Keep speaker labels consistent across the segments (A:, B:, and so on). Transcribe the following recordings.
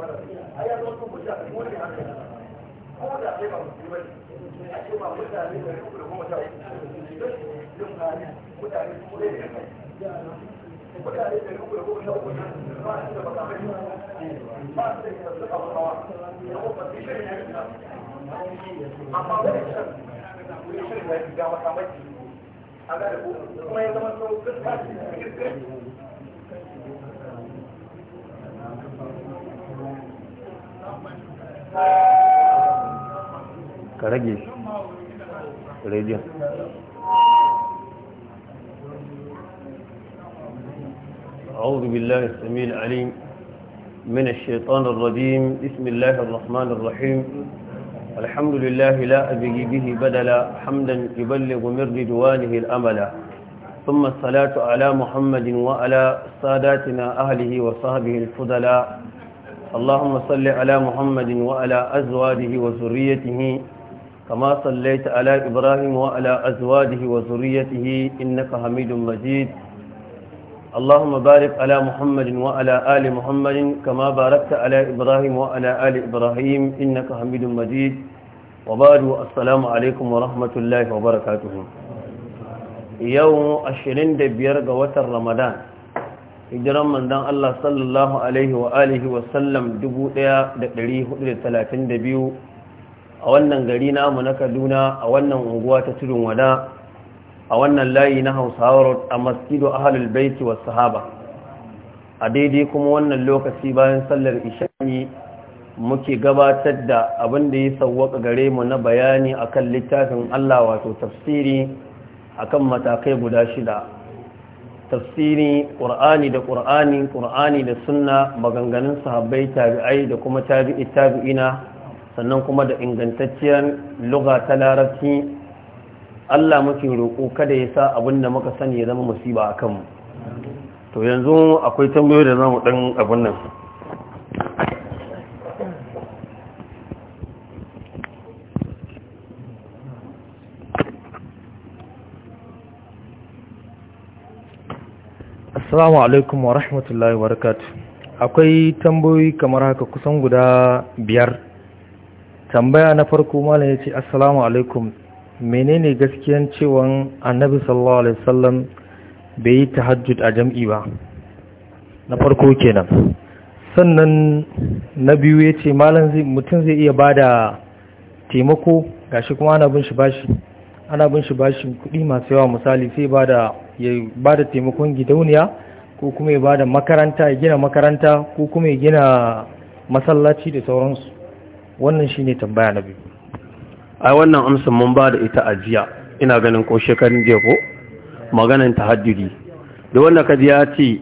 A: a yi zama kuma sha ko ne kuma ko da kai ba musulmi kuma a ce ba mutane da kuma kuma sha yin hali mutane kuma ne da kai mutane da kuma kuma sha ko ba kuma da baka mai ba su kuma yadda suka ba kawa da kuma su shirin ya yi amma wani shan wani shirin ya
B: yi ga makamaki a ga da
C: kuma ya zama sau gaskiya
A: ka rage shi rediyon
D: أعوذ بالله السميع العليم من الشيطان الرجيم بسم الله الرحمن الرحيم الحمد لله لا أبغي به بدلا حمدا يبلغ من رجوانه الأملا ثم الصلاة على محمد وعلى ساداتنا أهله وصحبه الفضلاء اللهم صل على محمد وعلى أزواجه وذريته كما صليت على إبراهيم وعلى أزواجه وذريته إنك حميد مجيد اللهم بارك على محمد وعلى آل محمد كما باركت على إبراهيم وعلى آل إبراهيم إنك حميد مجيد وبعد السلام عليكم ورحمة الله وبركاته يوم 25 ga watan Ramadan hijiran manzon Allah sallallahu alaihi wa alihi wa sallam 1432 a wannan gari namu na Kaduna a wannan unguwa ta tudun wada a wannan layi na Hausawa a masjidu ahlul baiti was sahaba a daidai kuma wannan lokaci bayan sallar isha'i muke gabatar da abin da ya sauwaka gare mu na bayani akan littafin Allah wato tafsiri akan matakai guda shida tafsiri ƙur'ani da ƙur'ani ƙur'ani da sunna maganganun sahabbai tabi'ai da kuma tabi'i tabi'ina sannan kuma da ingantacciyar luga ta larabci Allah muke roƙo kada ya sa abin da muka sani ya zama musiba a kanmu to yanzu akwai tambayoyi da zamu ɗan abin nan
B: Assalamu alaikum wa rahmatullahi wa Akwai tambayoyi kamar haka kusan guda biyar. Tambaya na farko malam ce Assalamu alaikum. Menene gaskiyan cewa Annabi sallallahu alaihi wasallam bai yi tahajjud a jam'i ba? Na farko kenan. Sannan na biyu yace malam zai mutum zai iya bada taimako gashi kuma ana bin shi bashi. bashin kuɗi masu yawa misali sai bada ya ba da taimakon gidauniya ko kuma ya bada makaranta ya gina makaranta ko kuma ya gina masallaci da sauransu wannan shine tambaya na biyu
D: ai wannan amsan mun ba da ita ajiya ina ganin ko shekarun jiya ko ta haddudi da wanda kaji ya ce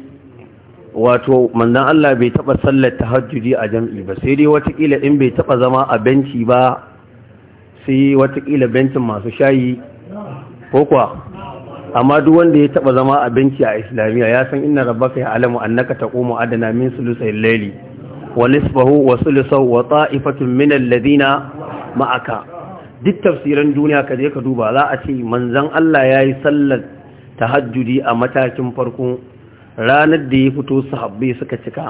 D: wato manzon Allah bai taba sallar haddudi a jam'i ba sai dai watakila in bai taba zama a benci ba sai watakila bencin masu shayi ko kuwa amma duk wanda ya taba zama a a islamiyya ya san inna rabbaka ya alamu annaka taqumu adana min sulusai layli wa nisfahu wa sulusahu wa ta'ifatun min alladhina ma'aka duk tafsiran duniya ka je ka duba za a ce manzon Allah yayi sallar tahajjudi a matakin farko ranar da ya fito sahabbai suka cika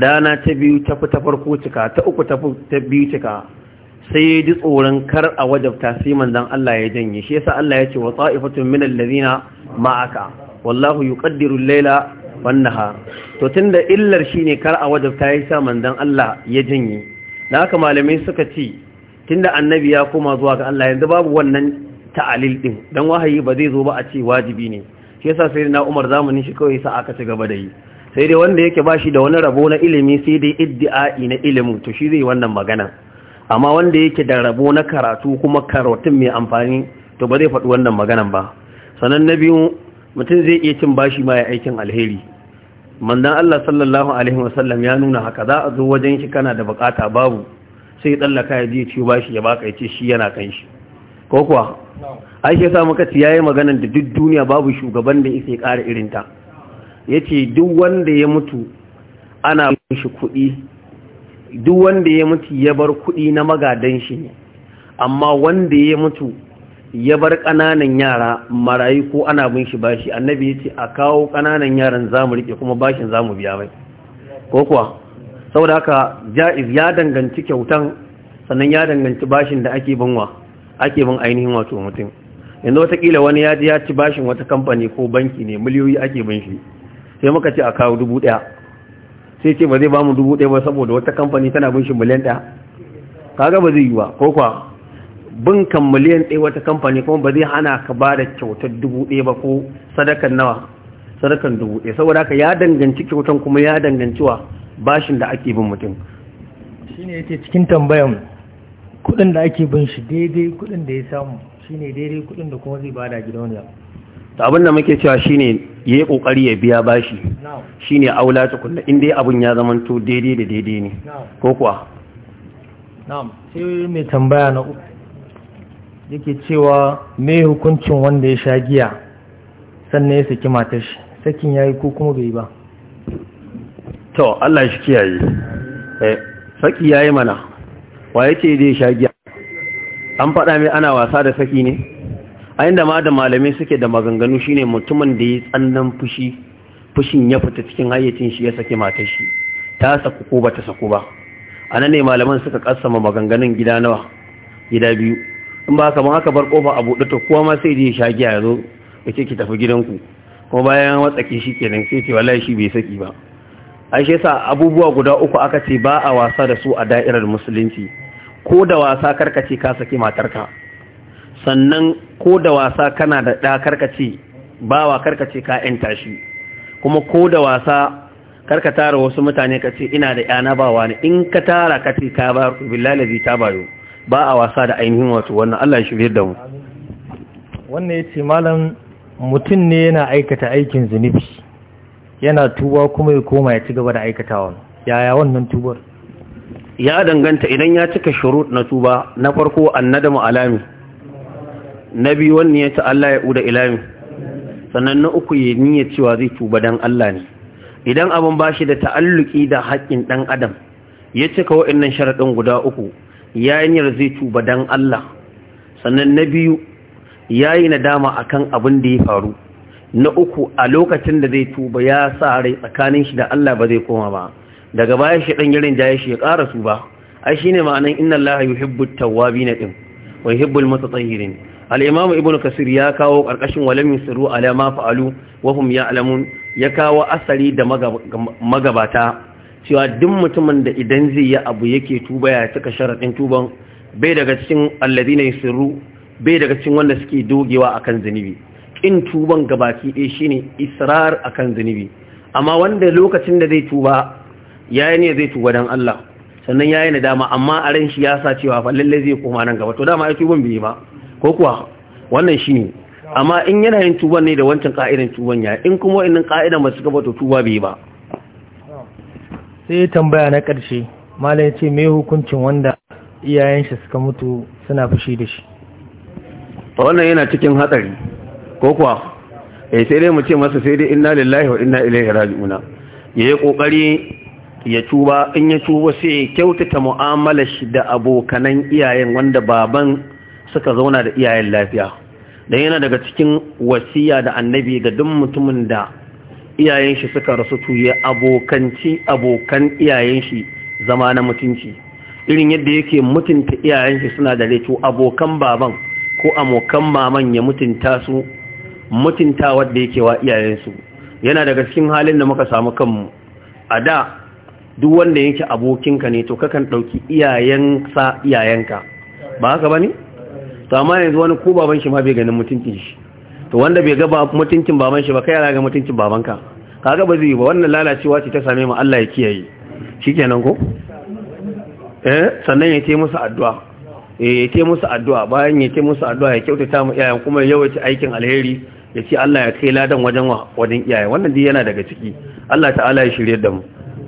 D: rana ta biyu ta farko cika ta uku ta biyu cika sai ya ji tsoron kar a wajabta sai manzon Allah ya janye shi yasa Allah ya ce wa ta'ifatun min allazina ma'aka wallahu yuqaddiru al-laila wan nahar to tunda illar shine kar a wajabta ya sa manzon Allah ya janye da haka malamai suka ce tunda annabi ya koma zuwa ga Allah yanzu babu wannan ta'alil din dan wahayi ba zai zo ba a ce wajibi ne shi yasa sayyidina Umar zamanin shi kawai sa aka ci gaba da yi sai dai wanda yake bashi da wani rabo na ilimi sai dai iddi'ai na ilimi, to shi zai wannan magana amma wanda yake da rabo na karatu kuma karatun mai amfani to ba zai faɗi wannan maganan ba sannan na biyu mutum zai iya cin bashi ma ya aikin alheri mandan Allah sallallahu alaihi wasallam ya nuna haka za a zo wajen shi kana da bukata babu sai tsallaka ya je ciwo bashi ya baka ya ce shi yana kan shi ko kuwa ai shi yasa muka ci yayi maganan da duk duniya babu shugaban da yake ƙara irin ta yace duk wanda ya mutu ana mishi kuɗi duk wanda ya mutu ya bar kuɗi na magadan shi ne amma wanda ya mutu ya bar ƙananan yara marayu ko ana bin shi bashi annabi ya ce a kawo ƙananan yaran za mu riƙe kuma bashin za mu biya mai ko kuwa saboda haka ja'iz ya danganci kyautan sannan ya danganci bashin da ake binwa ake bin ainihin wato mutum yanzu watakila wani ya ji ya ci bashin wata kamfani ko banki ne miliyoyi ake bin shi sai muka ce a kawo dubu ɗaya sai ce ba zai ba mu dubu ɗaya ba saboda wata kamfani tana bin shi miliyan ɗaya kaga ba zai yi ba ko kuwa bin kan miliyan ɗaya wata kamfani kuma ba zai hana ka ba da kyautar dubu ɗaya ba ko sadakan nawa sadakan dubu ɗaya saboda haka ya danganci kyautan kuma ya danganci wa bashin da ake bin mutum
B: shine yace cikin tambayan kuɗin da ake bin shi daidai kuɗin da ya samu shine daidai kuɗin da kuma zai bada gidauniya
D: ta abin da muke cewa shine yi kokari ya biya bashi shine aula tukunna in inda abin ya zama to daidai da daidai ne ko kuwa sai mai tambaya
B: na uku yake cewa me hukuncin wanda ya sha giya sannan ya saki matar shi sakin yayi ko kuma bai ba
D: to Allah shi kiyaye eh saki yayi mana wa ce zai sha giya an faɗa mai ana wasa da saki ne a inda ma da malamai suke da maganganu shine mutumin da ya tsannan fushi fushin ya fita cikin hayyacin shi ya sake matar shi ta saku ko ba ta saku ba a nan ne malaman suka kassama maganganun gida nawa gida biyu in ba haka haka bar kofa a buɗe to kowa ma sai ya sha giya ya zo da ce ki tafi gidanku kuma bayan watsake shi kenan sai ce wallahi shi bai saki ba ai shi yasa abubuwa guda uku aka ce ba a wasa da su a da'irar musulunci ko da wasa karkace ka saki matarka sannan ko da wasa kana da ɗa karkace wa karkace ka ‘yanta shi kuma ko da wasa karka tara wasu mutane ka ce ina da ‘yana ba wani in ka tara ka ce ka ba billalazi ta bayo ba a wasa da ainihin wato wannan Allah shi da mu
B: wannan ya ce malam mutum ne yana aikata aikin zunubi yana tuba kuma ya koma ya ci gaba da aikatawa yaya wannan tubar
D: ya danganta idan ya cika shuru na tuba na farko annadamu alami na biyu wani ya ta Allah ya uda ilami sannan na uku ya niyyar cewa zai tuba dan Allah ne idan abin ba shi da ta'alluki da haƙƙin ɗan adam ya cika wa'annan sharaɗin guda uku ya niyyar zai tuba dan Allah sannan na biyu ya yi nadama kan abin da ya faru na uku a lokacin da zai tuba ya sa rai tsakanin shi da Allah ba zai koma ba daga baya shi ɗan girin jaye shi ya ƙara ba, ai shine ma'anan inna Allah yuhibbu tawwabin din wa yuhibbul mutatahhirin al-imam ibnu kasir ya kawo karkashin walam yusiru ala ma fa'alu wa hum ya'lamun ya kawo asali da magabata cewa duk mutumin da idan zai yi abu yake tuba ya cika sharadin tuban bai daga cikin alladhina yusiru bai daga cikin wanda suke dogewa akan zunubi ƙin tuban gabaki ɗaya shine israr akan zunubi amma wanda lokacin da zai tuba yayin ne zai tuba dan Allah sannan ya yi nadama amma a ran shi ya sa cewa fa lalle zai koma nan gaba to dama ya tuban bai ba ko kuwa wannan shi ne amma in yana yin tuban ne da wancan ka'idan tuban ya in kuma wa'annan ka'idan ba su gaba to tuba bai yi ba
B: sai tambaya na ƙarshe malam ya ce me hukuncin wanda iyayen shi suka mutu suna fushi da shi
D: wannan yana cikin hatsari ko kuwa eh sai dai mu ce masa sai dai inna lillahi wa inna ilaihi raji'una yayi kokari ya tuba in ya tuba sai ya kyautata mu'amalar shi da abokanan iyayen wanda baban suka zauna da iyayen lafiya dan yana daga cikin wasiya da annabi ga duk mutumin da iyayen shi suka rasu to abokanci abokan iyayen shi zama na mutunci irin yadda yake mutunta iyayen shi suna da to abokan baban ko amokan maman ya mutunta su mutunta wanda yake wa iyayen su yana daga cikin halin da muka samu kanmu a da duk wanda yake abokinka ne to kakan ɗauki iyayensa iyayenka ba haka ba ne? to amma yanzu wani ko baban shi ma bai ganin mutuncin shi to wanda bai ga mutuncin baban shi ba kai yara ga mutuncin babanka ga ba zai ba wannan lalacewa ce ta same mu Allah ya kiyaye shikenan ko eh sannan ya ce musu addu'a eh ya ce musu addu'a bayan ya ce musu addu'a ya kyautata mu iyayen kuma ya yawaita aikin alheri ya ce Allah ya kai ladan wajen wajen iyaye wannan dai yana daga ciki Allah ta'ala ya shirye da mu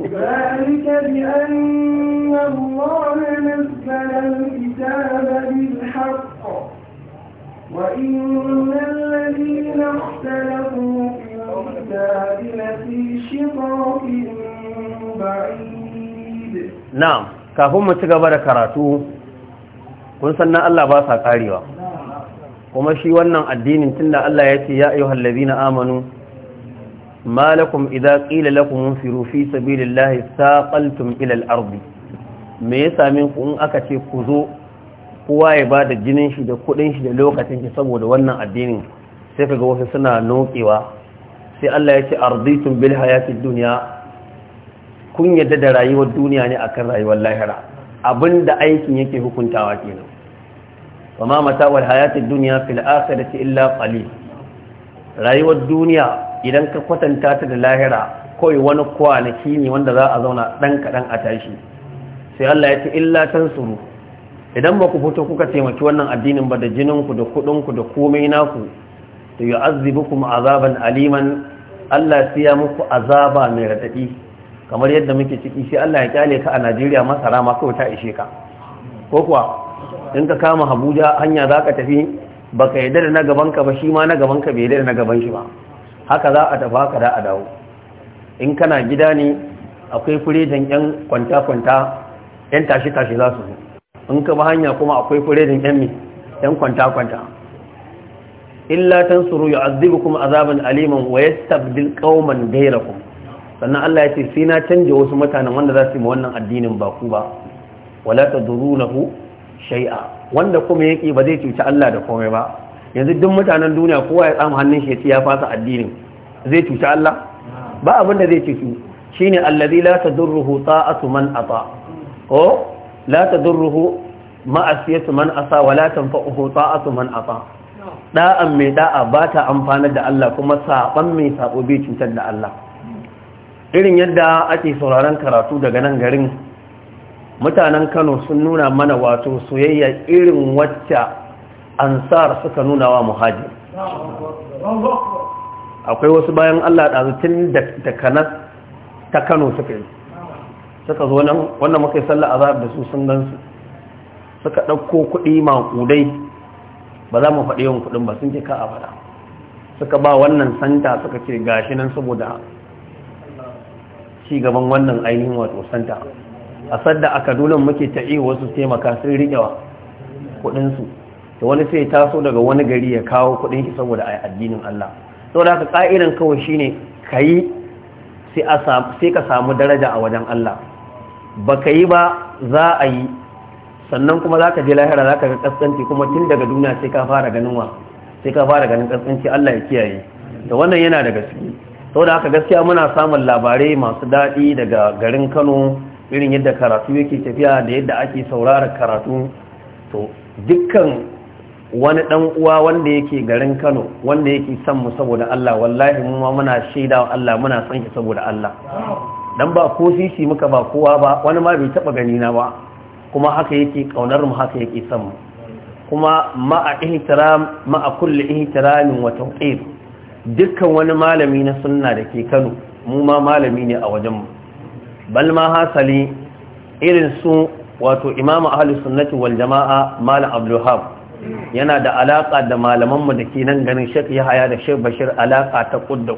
C: ذلك بأن الله نزل الكتاب بالحق وإن الذين اختلفوا في الكتاب لفي شقاق بعيد
D: نعم kafin mu ci gaba da karatu kun san nan Allah ba sa karewa kuma shi wannan addinin tunda Allah ya ce ya ayyuhal ladina amanu ما لكم إذا قيل لكم انفروا في سبيل الله me ya sami ku in aka ce ku zo kowa ya bada jinin shi da kudin shi da lokacin shi saboda wannan addinin sai kaga wasu suna nokewa sai Allah ya ce arditum bil hayatid dunya kun yadda da rayuwar duniya ne akan rayuwar lahira abinda aikin yake hukuntawa kenan wa ma mata'ul hayatid dunya fil akhirati illa qalil rayuwar duniya idan ka kwatanta ta da lahira kawai wani kwanaki ne wanda za a zauna ɗan kaɗan a tashi sai Allah ya ce illa can suru idan ba ku fito kuka taimaki wannan addinin ba da jininku da kuɗinku da komai naku to ya kuma azaban aliman Allah sai ya muku azaba mai raɗaɗi kamar yadda muke ciki sai Allah ya kyale ka a Najeriya masara ma kawai ta ishe ka ko kuwa in ka kama Abuja hanya za ka tafi baka yarda da na gabanka ba shi ma na gabanka bai yadda da na gaban shi ba haka za a tafi haka da a dawo in kana gida ne akwai firejin yan kwanta-kwanta yan tashi-tashi za su in ka ba hanya kuma akwai firejin yan mi yan kwanta-kwanta illa azibu kuma azabin aliman wa yastabdil gaira ku? sannan Allah ya ce sai na canje wasu mutanen wanda za su yi wannan addinin ba ku ba wala ku, shai'a. wanda kuma yake ba zai cuci Allah da komai ba yanzu duk mutanen duniya kowa ya samu hannun shi ya fasa addinin zai cuci Allah ba abin da zai cuci shine allazi la tadurruhu ta'atu man ata ko la tadurruhu ma'asiyatu man asa wa la tanfa'uhu ta'atu man ata da'an mai da'a ba ta amfana da Allah kuma saɓan mai sabo bai cutar da Allah irin yadda ake sauraron karatu daga nan garin mutanen Kano sun nuna mana wato soyayya irin wacce ansar suka nuna wa muhajir akwai wasu bayan Allah ɗazutun da kanar ta kano suka yi suka zo nan wannan muka yi sallar azab da su sun gansu suka ɗauko kuɗi maƙudai ba za mu faɗi yawan kuɗin ba sun je ka a faɗa suka ba wannan santa suka ce gashi nan saboda ci gaban wannan ainihin wato santa a sadda aka kaduna muke ta'i wasu taimaka sun riƙewa kuɗinsu da wani sai taso daga wani gari ya kawo kudin shi saboda a addinin Allah da haka ka'idan kawai shine kai sai a sai ka samu daraja a wajen Allah baka yi ba za a yi sannan kuma zaka je lahira zaka ga kaskanci kuma tun daga duniya sai ka fara ganin wa sai ka fara ganin kaskanci Allah ya kiyaye da wannan yana daga ciki da haka gaskiya muna samun labarai masu daɗi daga garin Kano irin yadda karatu yake tafiya da yadda ake saurara karatu to dukkan wani dan uwa wanda yake garin Kano wanda yake son mu saboda Allah wallahi mu ma muna shaida wa Allah muna son shi saboda Allah dan ba ko sisi muka ba kowa ba wani ma bai taba gani na ba kuma haka yake kaunar mu haka yake son mu kuma ma'a ihtiram ma'a kulli ihtiramin wa tawqir dukkan wani malami na sunna da ke Kano mu ma malami ne a wajen mu bal ma hasali irin su wato imamu ahlus sunnati wal jama'a malam abdul yana da alaƙa da malamanmu da ke nan ganin shek yahaya da shek bashir alaƙa ta ƙud da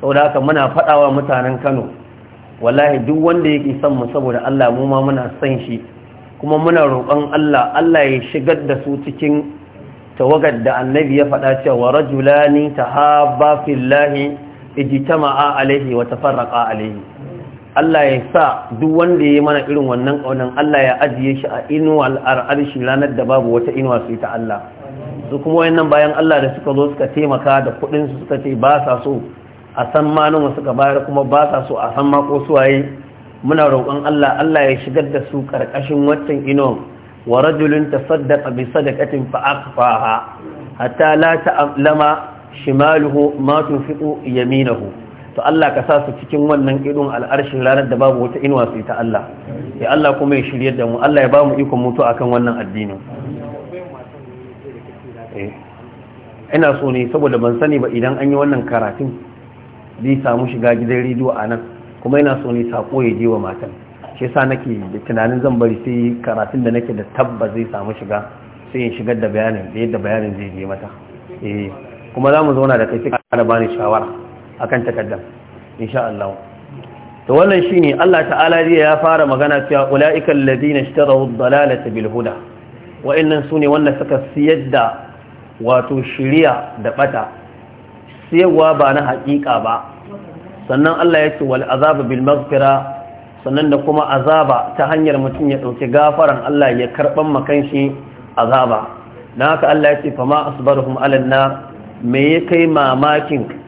D: Sau da haka muna faɗawa mutanen kano wallahi duk wanda yake son mu saboda allah mu ma muna son shi kuma muna roƙon allah allah ya shigar da su cikin tawagar da annabi ya faɗa cewa rajulani tahabba fillahi ijitama'a alaihi wa farraƙa alaihi Allah ya sa duk wanda ya yi mana irin wannan ƙaunar Allah ya ajiye shi a inuwa shi ranar da babu wata inuwa su ta Allah su kuma wayannan bayan Allah da suka zo suka taimaka da kuɗinsu suka ce ba sa so a san ma nawa suka bayar kuma ba sa so a san ma ko waye muna roƙon Allah Allah ya shigar da su ƙarƙashin watan inuwar wa rajulun tasaddaqa bi sadaqatin fa aqfaha hatta la ta'lama shimaluhu ma tunfiqu yaminahu to Allah ka sa su cikin wannan irin al'arshin ranar da babu wata inuwa su ta Allah ya Allah kuma ya shirya da mu Allah ya ba mu ikon mutu kan wannan addinin eh, ina so ne saboda ban sani ba idan an yi wannan karatun zai samu shiga gidan rediyo a nan kuma ina so ne sako ya je wa matan shi sa nake da tunanin zan bari sai karatun da nake da tabba zai samu shiga sai in shigar da bayanin da yadda bayanin zai je mata E, kuma za mu zauna da kai sai ka bani shawara akan takaddam insha Allah to wannan shine Allah ta'ala zai ya fara magana cewa ulaiikal ladina ishtaraw ad-dalalata bil huda wa'annan sune wanda suka siyar da wato shiriya da bata siyarwa ba na haƙiƙa ba sannan Allah ya ce wal azab bil maghfira sannan da kuma azaba ta hanyar mutum ya dauki gafaran Allah ya karban makanshi shi azaba dan haka Allah ya ce fama asbaruhum alanna me ya kai mamakin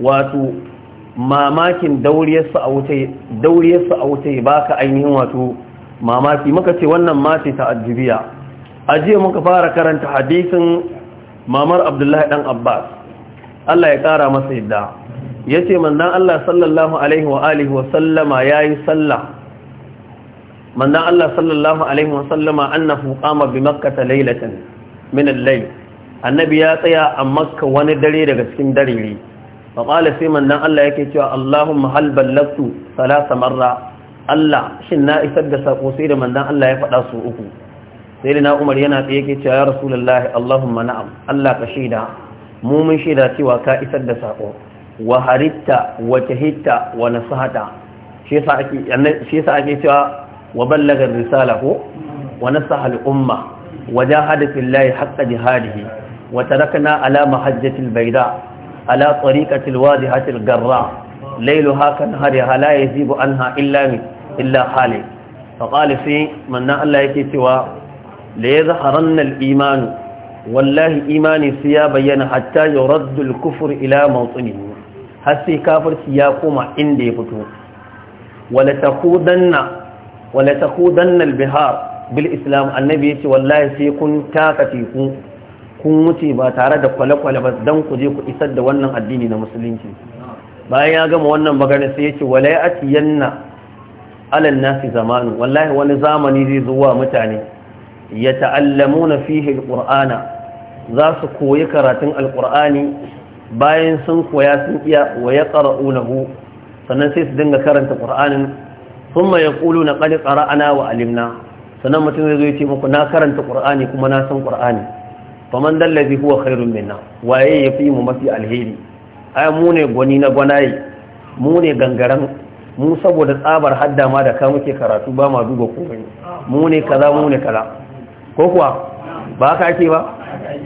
D: wato mamakin dauriyarsu a wuce ba ka baka ainihin wato mamaki muka ce wannan mace ta ajibiya jiya muka fara karanta hadisin mamar abdullahi dan abbas Allah ya kara masa yadda Ya ce manzon Allah sallallahu alaihi wa alihi wa sallama yi sallah manzon Allah sallallahu alaihi wa sallama annahu qama bi makkah laylatan min al-layl annabi ya tsaya a makka wani dare daga cikin ne faƙala sai mandan Allah yake cewa Allahumma hal ballagtu salasa marra Allah shin na isar da sako sai da mandan Allah ya faɗa su uku sai da na Umar yana tsaye yake cewa ya rasulullahi Allahumma na'am Allah ka shaida mu mun shaida cewa ka isar da saƙo wa haritta wa tahitta wa nasahata shi yasa ake shi yasa ake cewa wa ballaga risala ko wa nasaha al umma wa jahada fillahi haqqa jihadihi wa tarakna ala mahajjatil bayda ala tariqatil wadihatil garra lailu hakan hariha la yazibu anha illa min illa hali faqala fi manna Allah yake cewa ya yazharanna rannar imanu. wallahi imani sai ya bayyana hatta yuraddu kufur ila mawtinihi har sai kafirci ya koma inda ya fito wala takudanna wala bihar bil islam annabi ce wallahi sai kun taka teku kun wuce ba tare da kwale-kwale ba don ku je ku isar da wannan addini na musulunci bayan ya gama wannan magana sai ya ce wala ya ati yanna alal nasi zamanu wallahi wani zamani zai zuwa mutane ya ta'allamuna fihi alqur'ana za su koyi karatun alqur'ani bayan sun koya sun iya wa yaqra'unahu sannan sai su dinga karanta qur'anin na yaquluna qad ana wa alimna sannan mutum zai zo ya ce muku na karanta Kur'ani kuma na san Kur'ani. faman dallazi huwa khairun minna waye yafi mu mafi alheri A mu ne gwani na gwanaye mu ne gangaran mu saboda tsabar hadda ma da ka muke karatu ba ma duba komai mu ne kaza mu ne kaza ko kuwa ba ka ake ba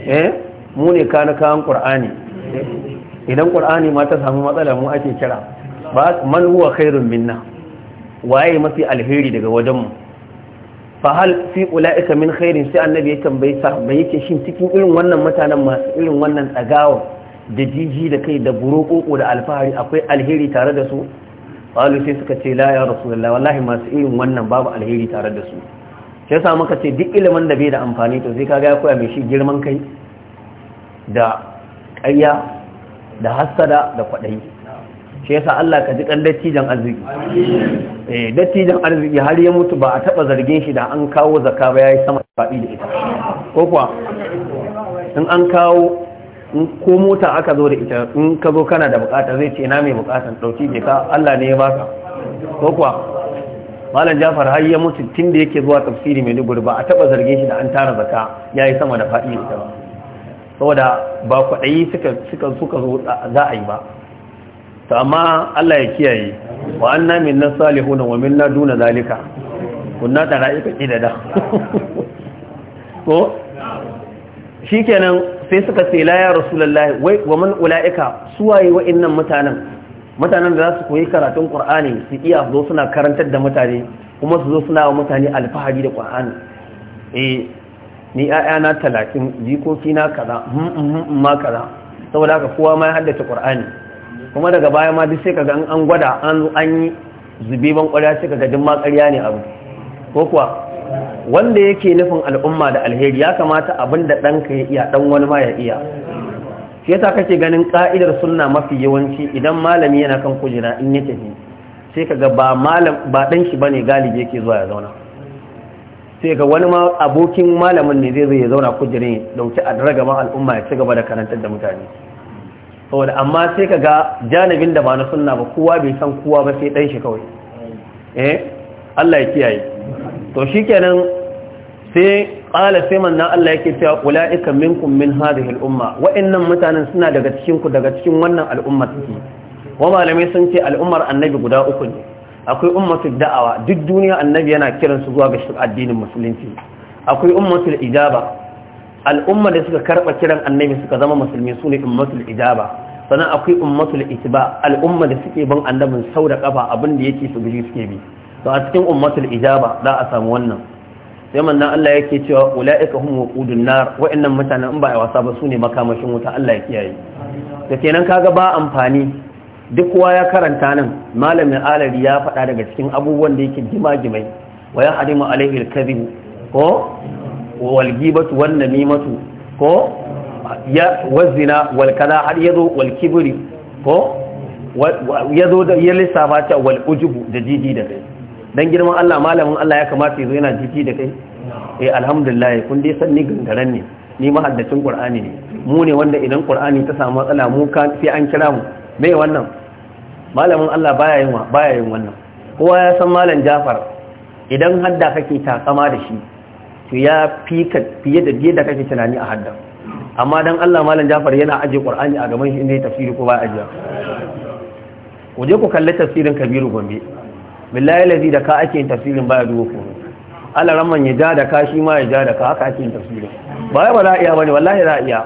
D: eh mu ne kana kan qur'ani idan qur'ani ma ta samu matsala mu ake kira ba man huwa khairun minna waye mafi alheri daga wajen mu fa hal fi ula'ika min khairin sai annabi ya tambayi sa. ba yake shin cikin irin wannan mutanen masu irin wannan tsagawa da jiji da kai da burokoko da alfahari akwai alheri tare da su qalu sai suka ce la ya rasulullah wallahi masu irin wannan babu alheri tare da su sai sa muka ce duk ilimin da bai da amfani to sai kaga ya koya mai shi girman kai da ƙayya da hassada da kwaɗayi shi yasa Allah ka ji kan dattijan arziki eh dattijan arziki har ya mutu ba a taba zargin shi da an kawo zakka ba yayi sama faɗi da ita ko kuwa in an kawo in ko mota aka zo da ita in ka zo kana da bukata zai ce ina mai bukata dauki ke ka Allah ne ya baka ko kuwa malam Jafar har ya mutu tun da yake zuwa tafsiri mai dubur ba a taba zargin shi da an tara zakka yayi sama da faɗi da ita ba saboda ba kwaɗayi suka suka zo za a yi ba to amma Allah ya kiyaye wa anna na salihuna wa na duna zalika kunna tara'ika kidada ko shikenan sai suka ce la ya rasulullahi wai wa man ulaika suwaye innan mutanen mutanen da za su koyi karatun qur'ani su iya zo suna karantar da mutane kuma su zo suna wa mutane alfahari da qur'ani eh ni ayana 30 jikoki na kaza hmm, hmm, hmm, ma kaza saboda haka kowa ma ya haddace qur'ani kuma daga baya ma duk sai kaga an gwada an an yi zube ban kwarya sai kaga duk ma ƙarya ne abu ko kuwa wanda yake nufin al'umma da alheri ya kamata abinda da ka ya iya dan wani ma ya iya shi yasa kake ganin ka'idar sunna mafi yawanci idan malami yana kan kujera in yake ne sai kaga ba malam ba dan shi bane galibi yake zuwa ya zauna sai ga wani ma abokin malamin ne zai zo ya zauna kujerin dauki a al'umma ya ci gaba da karantar da mutane saboda amma sai ka ga janibin da ba na sunna ba kowa bai san kowa ba sai ɗan shi kawai eh Allah ya kiyaye to shi kenan sai ƙala sai nan Allah yake cewa ika minkum min hadhihi al'umma. umma nan mutanen suna daga cikin daga cikin wannan al'ummar take wa malamai sun ce al'ummar annabi guda uku ne akwai ummatu da'awa duk duniya annabi yana kiransu zuwa ga addinin musulunci akwai da ijaba al'umma da suka karɓa kiran annabi suka zama musulmi su ne ummatul ijaba sannan akwai ummatul itiba al'umma da suke bin annabin sau da kafa abin da yake su guri suke bi to a cikin ummatul ijaba za a samu wannan sai manna Allah yake cewa ulaika hum waqudun nar wa'annan mutanen in ba ai wasa ba su ne makamashin wuta Allah ya kiyaye da kenan kaga ba amfani duk kowa ya karanta nan malamin alari ya faɗa daga cikin abubuwan da yake gima-gimai wa ya hadimu alaihi ko Walgibatu wan namimatu ko ya wazina wal kaza har yazo wal kibri ko yazo da ya lissafa ta wal ujubu da jiji da kai dan girman Allah malamin Allah ya kamata yazo yana jiji da kai eh alhamdulillah kun dai san ni gangaran ne ni mahaddacin qur'ani ne mu ne wanda idan qur'ani ta samu matsala mu ka sai an kira mu me wannan malamin Allah baya yin wa baya yin wannan kowa ya san malam Jafar idan hadda kake takama da shi to ya fi ka fiye da biye da kake tunani a haddan amma dan Allah malam Jafar yana aje Qur'ani a gaban shi inda ya tafsiri ko ba aje ku je ku kalli tafsirin Kabiru Gombe billahi lazi da ka ake yin tafsirin ba ya duwo ku Allah ramman ya ja da ka shi ma ya ja da ka haka ake yin tafsirin ba ya ba za iya bane wallahi za iya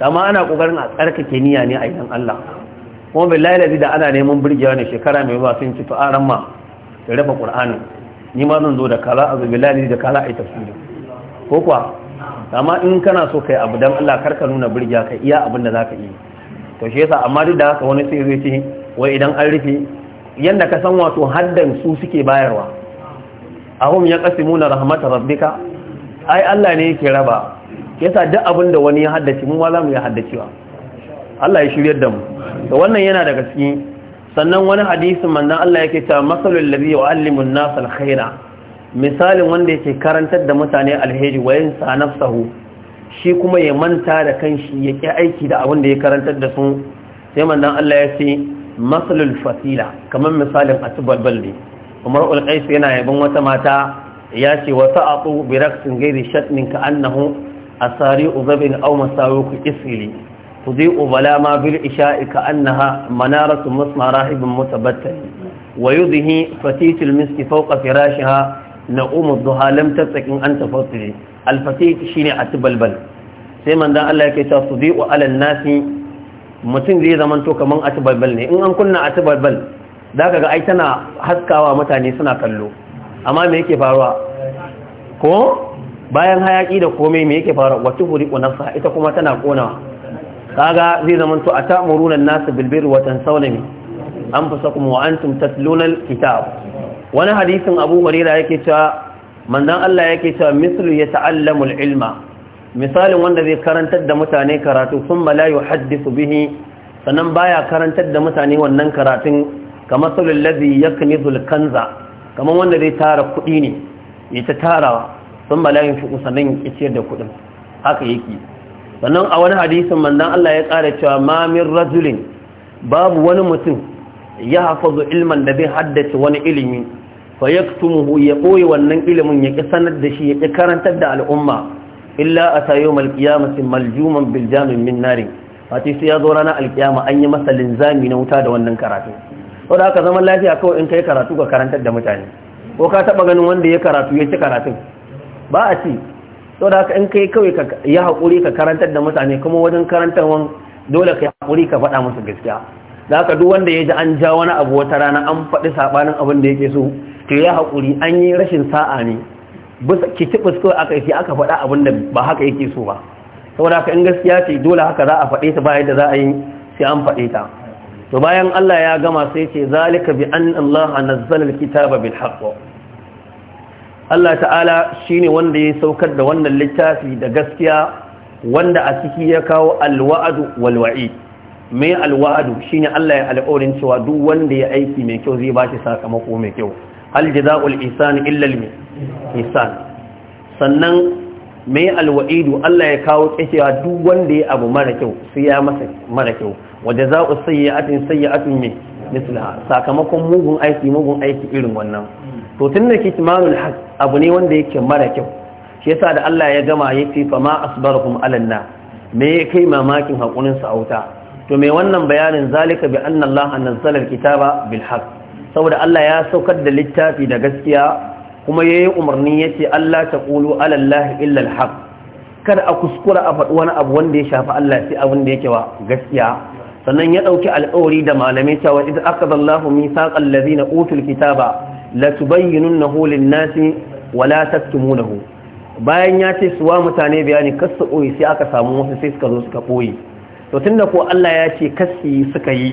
D: amma ana kokarin a tsarkake niyya ne a idan Allah kuma billahi lazi da ana neman burgewa ne shekara mai zuwa sun ci to an ramma da rafa Qur'ani ni ma zan zo da kaza a billahi da kaza a yi tafsirin ko kuwa amma in kana so kai abu dan Allah karka nuna burgiya ka iya abin da zaka yi to shi yasa amma duk da haka wani sai zai ce wai idan an rufe yanda ka san wato haddan su suke bayarwa ahum qasimuna rahmat rabbika ai Allah ne yake raba yasa duk abin da wani ya haddace mu ma mu ya haddacewa Allah ya shiryar da mu to wannan yana daga cikin sannan wani hadisin manzon Allah yake cewa masalul ladhi yu'allimu an nasa al-khaira misalin wanda yake karantar da mutane alheri wayan sa nafsahu shi kuma ya manta da kanshi ya ƙi aiki da abin da ya karantar da su sai Allah ya ce masalul fasila kamar misalin atubal balbi Umar al yana yabon wata mata ya ce wa sa'atu bi raqsin ghairi shatnin ka annahu asari'u zabin aw masawiku isili tudi'u ma bil isha'i ka annaha manaratu masma rahibin mutabattal ويضهي فتيت المسك فوق فراشها na'umu duha lam tasakin an tafassiri alfasih shine atbalbal sai manzon Allah ta su sudiu alal nasi mutum zai zaman to kaman atbalbal ne in an kunna atbalbal zaka ga ai tana haskawa mutane suna kallo amma me yake faruwa ko bayan hayaki da komai me yake faruwa wata huriku nafsa ita kuma tana konawa kaga zai zaman to atamuruna an bilbiri bil birri an tansawna min anfusakum wa antum tatluna al-kitab wani hadisin abu huraira yake cewa manzon Allah yake cewa mislu ya ta'allamul ilma misalin wanda zai karantar da mutane karatu thumma la yuhaddithu bihi sannan baya karantar da mutane wannan karatun kamar salul ladhi yaknizu kanza kamar wanda zai tara kuɗi ne ya ta tarawa thumma la yunfiqu sannan ya ciyar da kuɗin haka yake sannan a wani hadisin manzan Allah ya ƙara cewa mamin min rajulin babu wani mutum yahfazu ilman da bai haddace wani ilimi fa yaktumuhu ya koyi wannan ilimin ya ƙi sanar da shi ya ƙi karantar da al'umma illa ata yawmal qiyamati maljuman bil jamin min nar fati sai ya zo ranar alkiyama an yi masa linzami na wuta da wannan karatu saboda haka zaman lafiya kawai in kai karatu ka karantar da mutane ko ka taɓa ganin wanda ya karatu ya ci karatun ba a ci saboda haka in kai kawai ya haƙuri ka karantar da mutane kuma wajen karantarwan dole ka yi hakuri ka faɗa musu gaskiya da haka duk wanda ya ji an ja wani abu wata rana an faɗi saɓanin abin da yake so to ya haƙuri an yi rashin sa'a ne ki ci fuskar aka yi aka faɗa abin da ba haka yake so ba saboda haka in gaskiya ce dole haka za a faɗe ta bayan da za a yi sai an faɗe ta to bayan Allah ya gama sai ce zalika bi an Allah nazzala alkitaba bil haqq Allah ta'ala shine wanda ya saukar da wannan littafi da gaskiya wanda a ciki ya kawo alwa'd wal mai alwa'adu shine Allah ya alƙawarin cewa duk wanda ya aiki mai kyau zai bashi sakamako mai kyau hal jazaa'ul ihsan illa al ihsan sannan mai alwa'idu Allah ya kawo cewa duk wanda ya abu mara kyau sai ya masa mara kyau wa sai sayyi'atin sayyi'atun min mislaha sakamakon mugun aiki mugun aiki irin wannan to tunda kitmanul haq abu ne wanda yake mara kyau shi yasa da Allah ya gama yace fa ma asbarakum alanna me kai mamakin hakunin sa auta to mai wannan bayanin zalika bi anna Allah anzala kitaba bilhak? saboda Allah ya saukar da littafi da gaskiya kuma yayi umarni yace Allah ta ala Allah illa al kada a kuskura a faɗi wani abu wanda ya shafi Allah sai abin da yake wa gaskiya sannan ya dauki alƙawari da malamai cewa idan akada Allah mithaqal ladina utul kitaba la tubayyinunahu lin nasi wala la taktumunahu bayan ya ce suwa mutane bayani kasu ɓoye sai aka samu wasu sai suka zo suka ɓoye. to tunda ko Allah ya ce kasi suka yi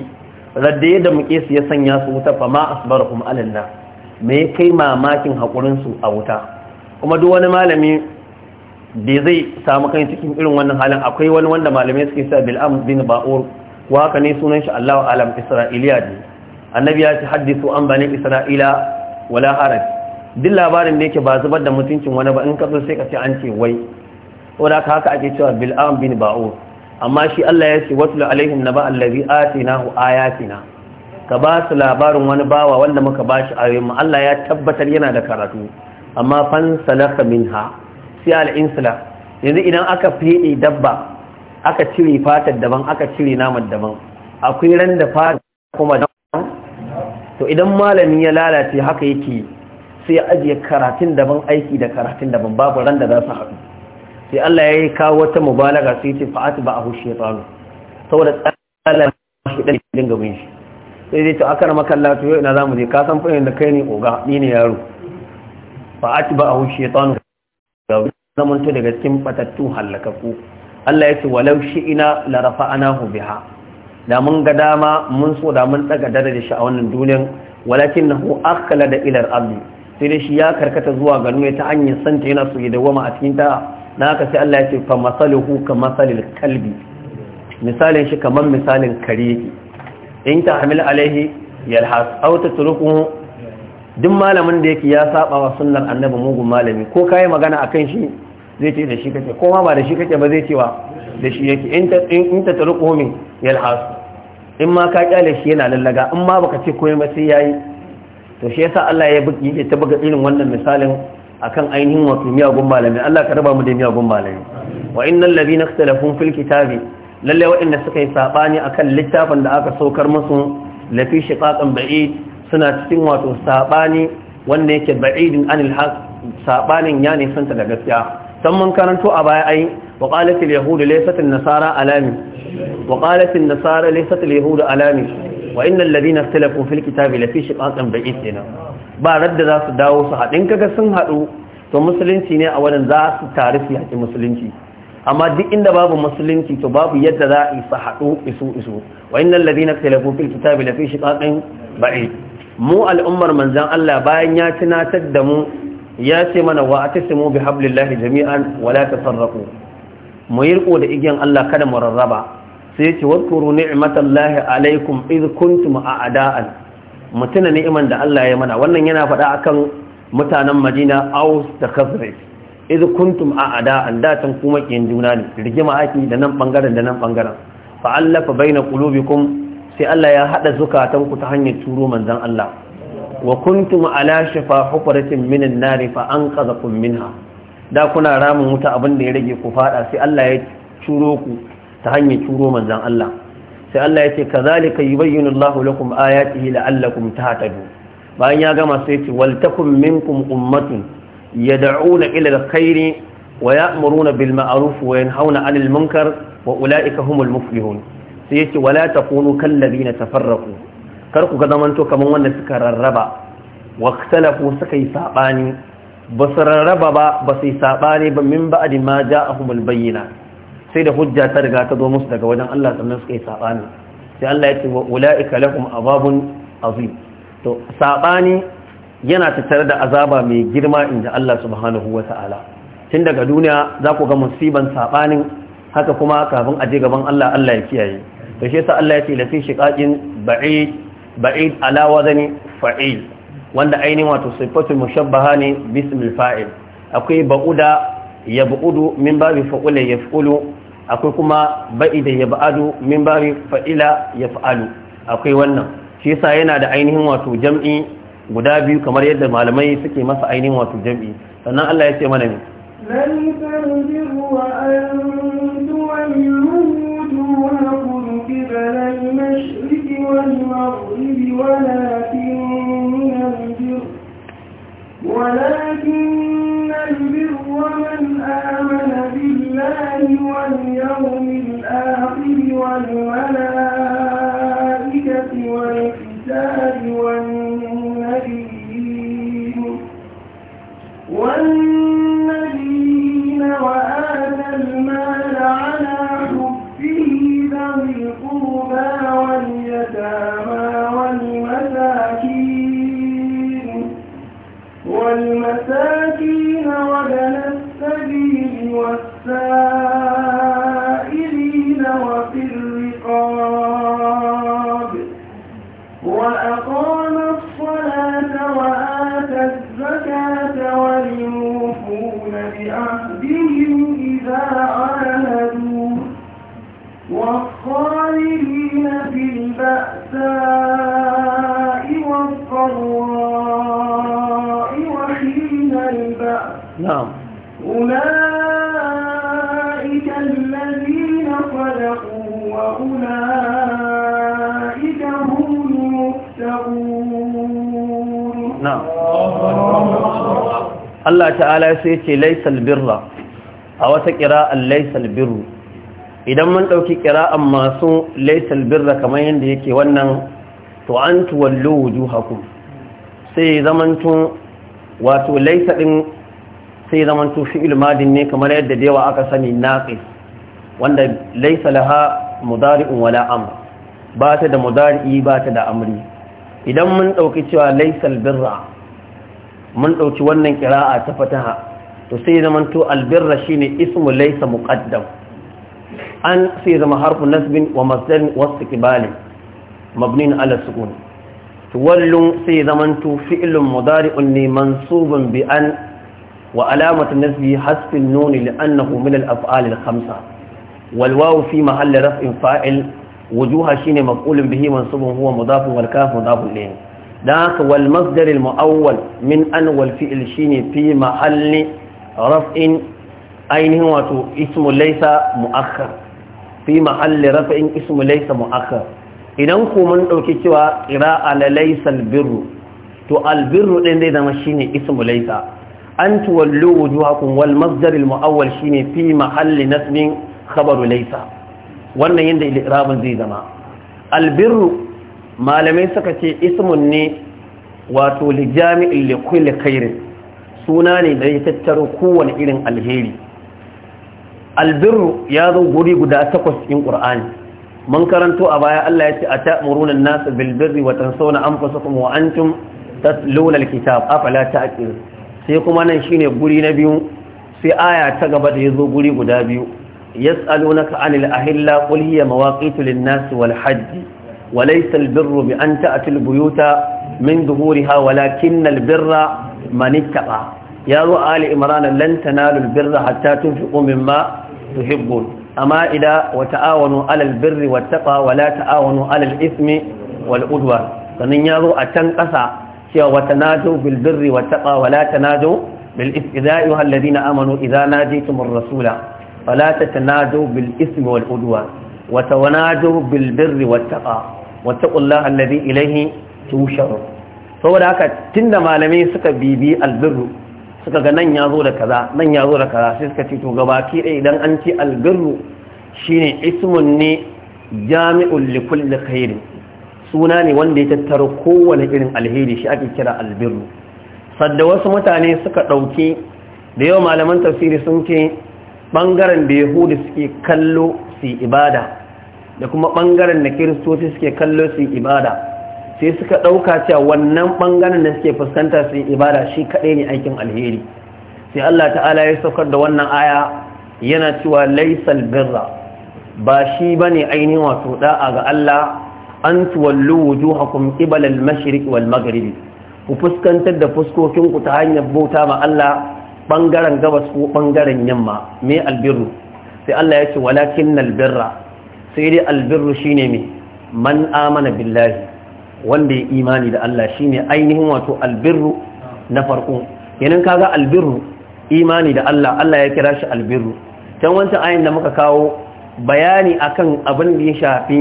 D: radda yadda muke su ya sanya su wuta fa ma asbarhum alanna me kai mamakin hakurin su a wuta kuma duk wani malami da zai samu kai cikin irin wannan halin akwai wani wanda malamai suke sa am bin ba'ur wa haka ne sunan shi Allahu alam isra'iliya ne annabi ya ce hadithu an bani isra'ila wala haraj duk labarin da yake ba zubar da mutuncin wani ba in ka so sai ka ce an ce wai saboda haka ake cewa am bin ba'ur amma shi Allah ya ce wasu alaihim na ba'an labi atinahu ayatina ka ba su labarin wani bawa wanda muka ba shi ayoyin Allah ya tabbatar yana da karatu amma fansalaka minha sai al'insula yanzu idan aka fiye dabba aka cire fatar daban aka cire naman daban akwai ran da fata kuma daban to idan malami ya lalace haka yake sai ya ajiye karatun daban aiki da karatun daban babu ran da za su haɗu sai Allah ya yi kawo wata mubalaga sai ce fa'ati ba a hushe tsano saboda tsalar shi ɗan ɗin gaban shi sai zai ce aka rama makalla to yau ina mu je ka san fahimta kai ne oga ni ne yaro fa'ati ba a hushe tsano ga zamanto daga cikin batattu hallakaku Allah ya ce walau shi ina larafa ana ha, da mun ga dama mun so da mun dare da shi a wannan duniyar walakin na ku akala da ilar abu. sai dai shi ya karkata zuwa ga nuna ta hanyar santa yana so ya dawama a cikin ta na haka sai Allah ya ce fa masaluhu ka masalil kalbi misalin shi kamar misalin kare yake in ta hamil alaihi yalhas aw tatruku duk malamin da yake ya saba wa sunnar annabi mugun malami ko kai magana akan shi zai ce da shi kake ko ma ba da shi kake ba zai cewa da shi yake in ta in ta taruku min yalhas in ma ka kyale shi yana lallaga in ma baka ce komai ba sai yayi to shi yasa Allah ya buki ta buga irin wannan misalin akan ainihin wato miyagun malami Allah ka raba mu da miyagun malami wa innal ladina ikhtalafun fil kitabi lalle waɗanda suka yi sabani akan littafin da aka saukar musu lafi shiqaqan ba'id suna cikin wato sabani wanda yake ba'idin anil haq sabanin ya nisanta da gaskiya san mun karanto a baya ai wa qalat al yahud laysat al nasara alami wa qalat al nasara laysat al yahud alami wa innal ladina ikhtalafu fil kitabi lafi shiqaqan ba'id dinan ba radda za su dawo su haɗin kaga sun haɗu to musulunci ne a wajen za su tare su yaƙi musulunci amma duk inda babu musulunci to babu yadda za a su haɗu isu isu wa innal ladina ikhtalafu fil kitabi shi shiqaqin ba'id mu al'ummar manzan Allah bayan ya tunatar da mu ya ce mana wa atasimu bi hablillahi jami'an wa la tafarraqu mu yirko da igiyan Allah kada mu rarraba sai ya ce wadkuru ni'matallahi alaikum id kuntum a'da'an mutuna ni'iman da Allah ya mana wannan yana faɗa akan mutanen Madina Aus da Khazraj idh kuntum a ada da tan kuma kiyin juna ne rigima ake da nan bangaren da nan bangaren fa allafa baina qulubikum sai Allah ya hada zukatan ku ta hanyar turo manzon Allah wa kuntum ala shafa hufratin minan nar fa anqadhakum minha da kuna ramin wuta abin da ya rage ku fada sai Allah ya turo ku ta hanyar turo manzon Allah sai Allah ya ce yi yubayyinu Allahu lakum ayatihi la'allakum tahtadun bayan ya gama sai ce wal takum minkum ummatun yad'una ila alkhairi wa ya'muruna bil ma'ruf wa yanhauna 'anil munkar wa ulaika humul muflihun sai ce wala takunu kal ladina tafarraqu kar ku ga zamanto kamar wanda suka rarraba rarraba ba ba بصر ربا بصي ساباني بمن بعد ما جاءهم bayyana sai da hujja ta riga ta zo musu daga wajen Allah sannan suka yi sabani sai Allah ya ce wa ulaika lakum azabun azim to sabani yana tattare da azaba mai girma inda Allah subhanahu wa ta'ala. tun daga duniya za ku ga musiban sabanin haka kuma kafin a je gaban Allah Allah ya kiyaye to shi yasa Allah ya ce la fi shiqaqin ba'id ba'id ala wazani fa'il wanda ainihin wato mu mushabbaha ne bismil fa'il akwai ba'uda ya bu'udu min babi fa'ula ya akwai kuma ba'i da yab'alu min babi fa'ila yaf'alu akwai wannan shi yasa yana da ainihin wato jam'i guda biyu kamar yadda malamai suke masa ainihin wato jam'i sannan Allah ya ce mana ne
C: ولكن البر من آمن به بالله واليوم الآخر والملائكة والكتاب
D: ta'ala sai ce laisal birra a wata ƙira'an laisal birru idan mun ɗauki ƙira'an masu laisal birra kamar yadda yake wannan to an tuwallo wujuhakum sai zamanto wato laisa ɗin sai zamanto fi'il madin ne kamar yadda da yawa aka sani naƙi, wanda laisa laha mudari'un wala amr ba ta da mudari'i ba ta da amri idan mun ɗauki cewa laisal birra mun ɗauki wannan ƙira'a ta fataha to sai zaman to albirra shine ismu laisa muqaddam an sai zama harfu nasbin wa masdarin wasu kibalin mabnin ala sukun to wallun sai zaman to fi'lun mudari'un ne mansubun bi an wa alamatu nasbi hasbin nuni li annahu min al af'al al khamsa wal wawu fi mahall raf'in fa'il wujuha shine maf'ulun bihi mansubun huwa mudafun wal kafu mudafun ilayhi da haka wal masdaril min an wal fi'il shine fi mahalli raf'in ainihin wato ismu laysa mu'akhkhar fi mahalli raf'in ismu laysa idan ku mun ɗauki cewa qira'a la birru to albirru ɗin zai zama shine ismu laysa an tuwallu wujuhakum wal masdaril mu'awwal shine fi mahalli nasbin khabaru laysa wannan yadda al zai zama Albirru. malamai suka ce ismun ne wato lijami'in likulli khairin suna ne da ya tattaro kowane irin alheri albirru ya zo guri guda takwas cikin qur'ani mun karanto a baya Allah ya ce atamuruna an-nasa bil birri wa tansawna anfusakum wa antum tatluna al-kitab afala sai kuma nan shine guri na biyu sai aya ta gaba da yazo guri guda biyu yas'alunaka anil ahilla qul hiya mawaqitu lin-nasi wal hajj وليس البر بأن تأتي البيوت من ظهورها ولكن البر من اتقى يا آل إمران لن تنالوا البر حتى تنفقوا مما تحبون أما إذا وتعاونوا على البر والتقى ولا تعاونوا على الإثم والأدوان فمن يارو أتنقص وتنادوا بالبر والتقى ولا تنادوا بالإثم إذا أيها الذين آمنوا إذا ناجيتم الرسول فلا تتنادوا بالإثم والأدوان وتناجوا بالبر والتقى واتقوا الله الذي إليه saboda haka tinda malamai suka bibi albirru suka ga nan ya zo da kaza nan ya zo da kaza sai suka ce to gabaki ɗaya idan an ci albirru shine ismun ne jami'ul li kulli khairin suna ne wanda ya tattara kowane irin alheri shi ake kira albirru sadda wasu mutane suka ɗauki da yawa malaman tafsiri sun ce ɓangaren da yahudu suke kallo su ibada da kuma ɓangaren da kiristoci suke kallo su ibada sai suka ɗauka cewa wannan ɓangaren da suke fuskanta su ibada shi kaɗai ne aikin alheri sai Allah ta'ala ya saukar da wannan aya yana cewa laisal birra ba shi ba ne ainihin wato ɗa'a ga Allah an tuwallu wujuhakum qibala al-mashriq wal maghrib ku fuskantar da fuskokinku ta hanyar bauta ma Allah bangaren gabas ko bangaren yamma me albirru sai Allah ya ce walakin albirra sai dai albirru shine me man amana billahi wanda ya imani da Allah shi ne ainihin wato albirru na farko yanin kaga albirru imani da Allah Allah ya kira shi albirru can wancan ayin da muka kawo bayani akan abin da ya shafi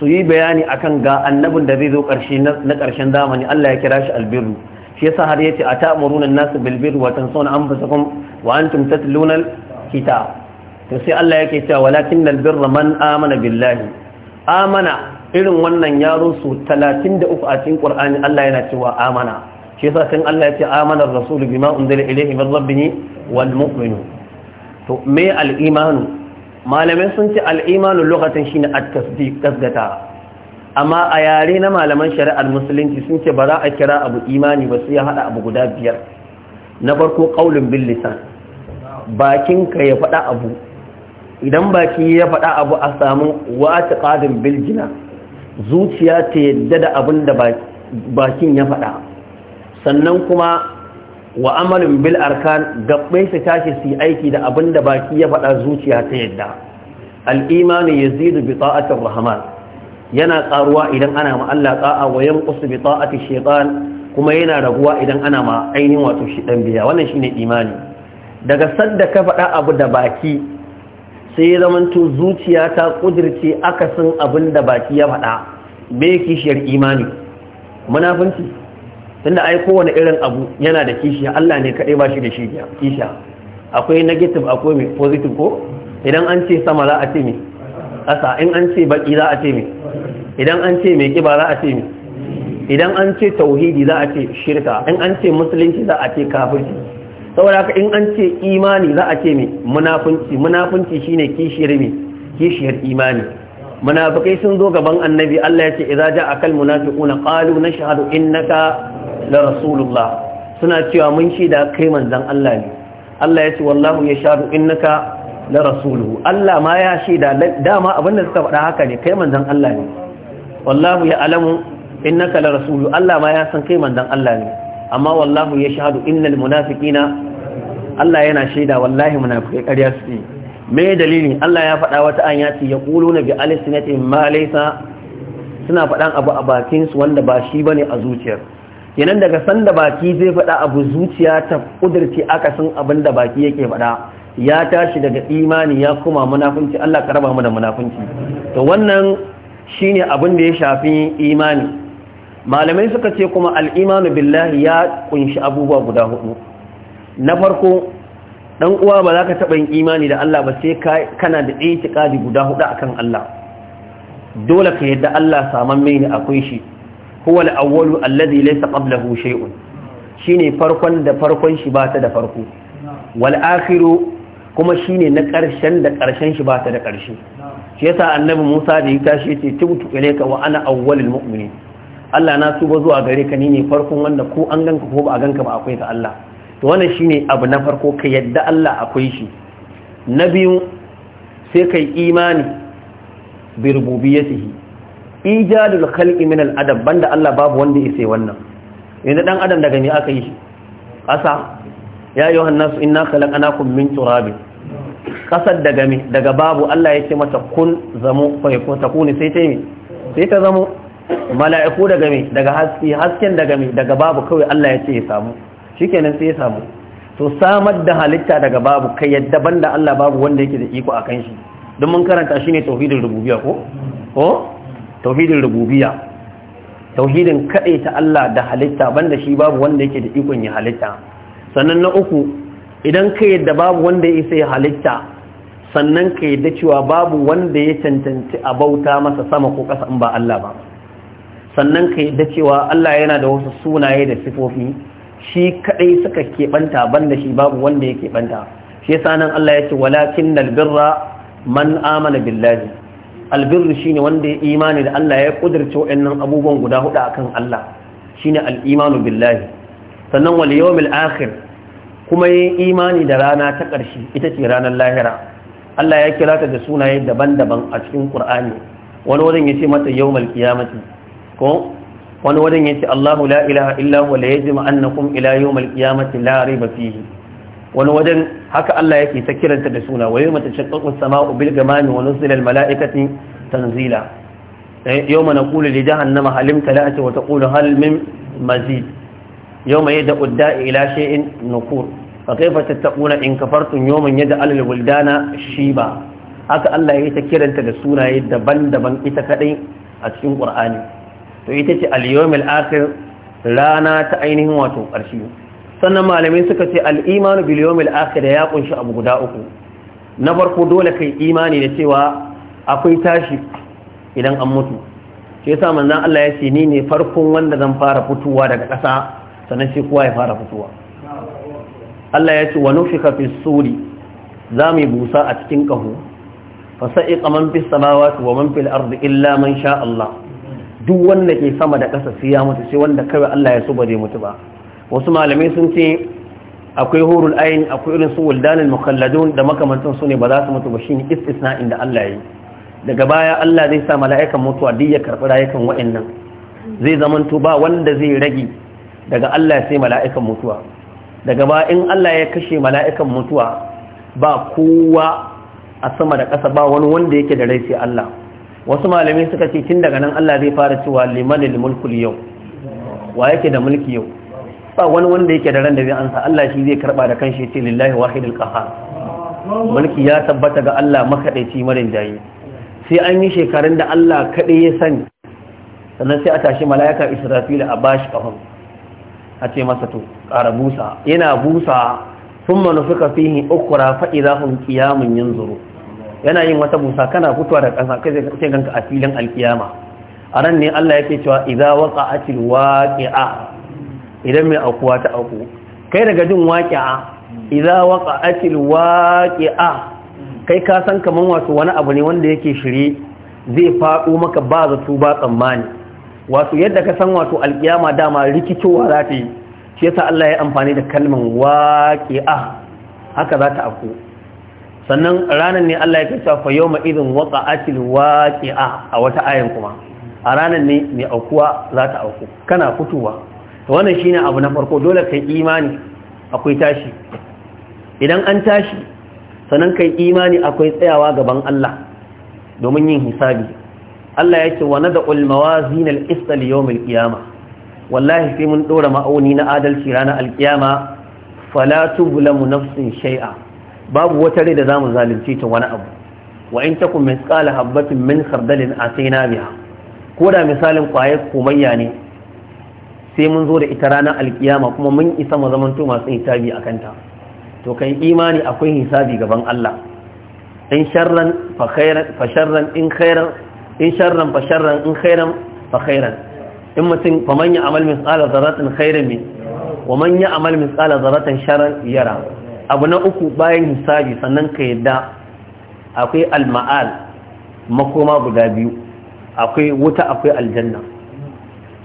D: su yi bayani akan ga annabin da zai zo na ƙarshen zamani Allah ya kira shi albirru shi yasa har yace a an runan bil birri wa tansawna anfusakum wa antum tatluna al-kitab to sai Allah yake cewa walakinnal birra man amana billahi amana irin wannan yaro su 33 a cikin Qur'ani Allah yana cewa amana shi yasa sai Allah yace amana ar-rasulu bima unzila ilayhi min rabbih wal mu'minu to me al-iman malamai sun ce al-iman lughatan shine at-tasdiq tasdata amma a yare na malaman shari'ar musulunci sun ce ba za a kira abu imani ba sai ya hada abu guda biyar na farko qaulun bil lisan bakin ka ya faɗa abu idan baki ya faɗa abu a samu wa'tiqadin bil jina zuciya ta yadda da abin da bakin ya faɗa sannan kuma wa amalin bil arkan gabbai su tashi su aiki da abin da baki ya faɗa zuciya ta yadda al-imanu yazidu bi ta'atir rahman yana tsaruwa idan ana ma Allah ta'a wa yanqusu bi ta'ati shaytan kuma yana raguwa idan ana ma ainihin wato shi dan biya wannan shine imani daga sadda ka faɗa abu da baki sai ya to zuciya ta kudirce akasin abin da baki ya faɗa bai kishiyar imani munafunci tunda ai kowane irin abu yana da kishiya Allah ne kadai ba shi da shi kishiya akwai negative akwai me positive ko idan an ce sama za a ce me ƙasa in an ce baki za a ce me idan an ce mai kiba za a ce mai idan an ce tauhidi za a ce shirka in an ce musulunci za a ce kafirci saboda haka in an ce imani za a ce mai munafunci munafunci shine kishiyar mai kishiyar imani munafukai sun zo gaban annabi Allah ya ce idza jaa akal munafiquna qalu nashhadu innaka la rasulullah suna cewa mun shaida kai manzon Allah ne Allah ya ce wallahu yashhadu innaka la rasuluhu Allah ma ya shaida dama abin da suka faɗa haka ne kai manzon Allah ne wallahu ya alamu innaka kala rasulu Allah ma ya san kai mandan Allah ne amma wallahu ya shahadu innal munafiqina Allah yana shaida wallahi munafiqai ƙarya suke me dalili Allah ya faɗa wata an yace yaquluna bi alsinatin ma laysa suna faɗan abu a bakin su wanda ba shi bane a zuciyar kenan daga sanda baki zai faɗa abu zuciya ta kudurci akasin abin da baki yake faɗa ya tashi daga imani ya kuma munafunci Allah ka raba mu da munafunci to wannan shine abin da ya shafi imani malamai suka ce kuma al'imanu billahi ya kunshi abubuwa guda hudu na farko dan uwa ba za ka taɓa yin imani da Allah ba sai kana da itikadi guda hudu akan Allah dole ka yadda Allah saman mai ne akwai shi huwa al-awwalu alladhi laysa qablahu shay'un shine farkon da farkon shi bata da farko wal akhiru kuma shi ne na ƙarshen da ƙarshen shi ba ta da ƙarshe shi yasa annabi Musa da ya tashi yace tubtu ka wa ana awwalul mu'mini Allah na tuba zuwa gare ka ni ne farkon wanda ko an ganka ko ba a ganka ba akwai ka Allah to wannan ne abu na farko ka yadda Allah akwai shi na biyu sai kai imani bi rububiyyatihi ijadul khalqi min al adab banda Allah babu wanda yake wannan yanda dan adam daga me aka yi ƙasa ya yi wa nasu ina kalakanakun min turabi kasar daga mi daga babu Allah ya ce mata kun zamo ko ta kuni sai ta yi sai ta zamo mala'iku daga mi daga haske hasken daga mi daga babu kawai Allah ya ce ya samu shikenan sai ya samu to samar da halitta daga babu kai yadda banda Allah babu wanda yake da iko akan shi don mun karanta shine tauhidin rububiyya ko ko tauhidin rububiyya tauhidin kaɗai ta Allah da halitta banda shi babu wanda yake da ikon ya halitta sannan na uku idan ka yadda babu wanda ya isa ya halitta sannan ka yadda cewa babu wanda ya cancanci a bauta masa sama ko ƙasa in ba Allah ba sannan ka yadda cewa Allah yana da wasu sunaye da sifofi shi kadai suka keɓanta banda shi babu wanda ya keɓanta shi yasa nan Allah ya ce walakin birra man amana billahi albirru shine wanda ya imani da Allah ya kudurce wa'annan abubuwan guda hudu akan Allah shine al-imanu billahi sannan wani yawmil akhir kuma yin imani da rana ta ƙarshe ita ce ranar lahira Allah ya kira ta da sunaye daban-daban a cikin Qur'ani wani ya ce mata yawmal qiyamati ko wani ya ce Allahu la ilaha illa huwa la yajma annakum ila yawmal qiyamati la rayba fihi wani wajen haka Allah yake ta kiranta da suna wayo mata shaqqaqu samau bil gamami wa nuzila al malaikati tanzila eh, yawma naqulu li jahannama hal imtala'at wa taqulu hal min mazid yawma yad'u da'i ila shay'in nukur fa kaifa tattaquna in kafartum yawman yad'al al-wuldana shiba haka Allah ya yi ta kiranta da sunaye daban-daban ita kadai a cikin Qur'ani to ita ce al-yawmil akhir rana ta ainihin wato ƙarshe sannan malamai suka ce al-imanu bil yawmil akhir ya kunshi abu guda uku na farko dole kai imani da cewa akwai tashi idan an mutu shi yasa manzon Allah ya ce ni ne farkon wanda zan fara fitowa daga ƙasa sannan sai kowa ya fara fitowa Allah ya ce wa nufika fi suri za mu busa a cikin ƙaho fasa'iqa man fi samawati wa man fil ardi illa man sha Allah duk wanda ke sama da ƙasa sai ya mutu sai wanda kawai Allah ya so ba zai mutu ba wasu malamai sun ce akwai hurul ayin akwai irin su wuldanul mukhalladun da makamantan su ne ba za su mutu ba shine istisna inda Allah ya yi daga baya Allah zai sa mala'ikan mutuwa duk ya karɓi rayukan wa'annan zai zamanto ba wanda zai rage daga Allah sai mala'ikan mutuwa daga ba in Allah ya kashe mala'ikan mutuwa ba kowa a sama da ƙasa ba wani wanda yake da rai sai Allah wasu malami suka ce tun daga nan Allah zai fara cewa limanil mulkul yau wa yake da mulki yau ba wani wanda yake da ran da Allah shi zai karba da kanshi ce lillahi wahidul qahar mulki ya tabbata ga Allah makadaici marin jayi sai an yi shekarun da Allah kadai ya sani sannan sai a tashi malaika Isra'ila a bashi kafan a ce masa to ƙara busa yana busa sun fi yin ukura faɗi za su kiyamun yin zuru yana yin wata busa kana fitowa da ƙasa kai zai ganka a filin alkiyama a ran ne Allah yake cewa idza waqa'atil waqi'a idan mai aukuwa ta auku. kai daga jin waqi'a idza waqa'atil waqi'a kai ka san kaman wasu wani abu ne wanda yake shirye zai faɗo maka ba zato ba tsammani wato yadda ka san wato alkiyama dama rikicowa za ta yi shi yasa Allah ya amfani da kalman waqi'a haka za ta afku sannan ranar ne Allah ya kace fa yawma idin waqa'atil waqi'a a wata ayan kuma a ranar ne mai aukuwa za ta auku kana fitowa to wannan shine abu na farko dole kai imani akwai tashi idan an tashi sannan kai imani akwai tsayawa gaban Allah domin yin hisabi Allah ya ce wa da ulmawazin al-qist li yawm al-qiyama wallahi sai mun dora ma'auni na adalci ranar al-qiyama fala tublamu nafsin shay'a babu wata rai da zamu zalunce ta wani abu wa in takum misqala habatin min khardalin atayna biha ko da misalin kwayar komayya ne sai mun zo da ita ranar alkiyama kuma mun isa mu zamanto masu hisabi a kanta to kai imani akwai hisabi gaban Allah in sharran fa khairan fa sharran in khairan in sharran fa sharran in khairan fa khairan in mutum fa man ya'mal misqala dharratin khairan min wa man ya'mal misqala dharratin sharran yara abu na uku bayan hisabi sannan ka yadda akwai al-ma'al makoma guda biyu akwai wuta akwai aljanna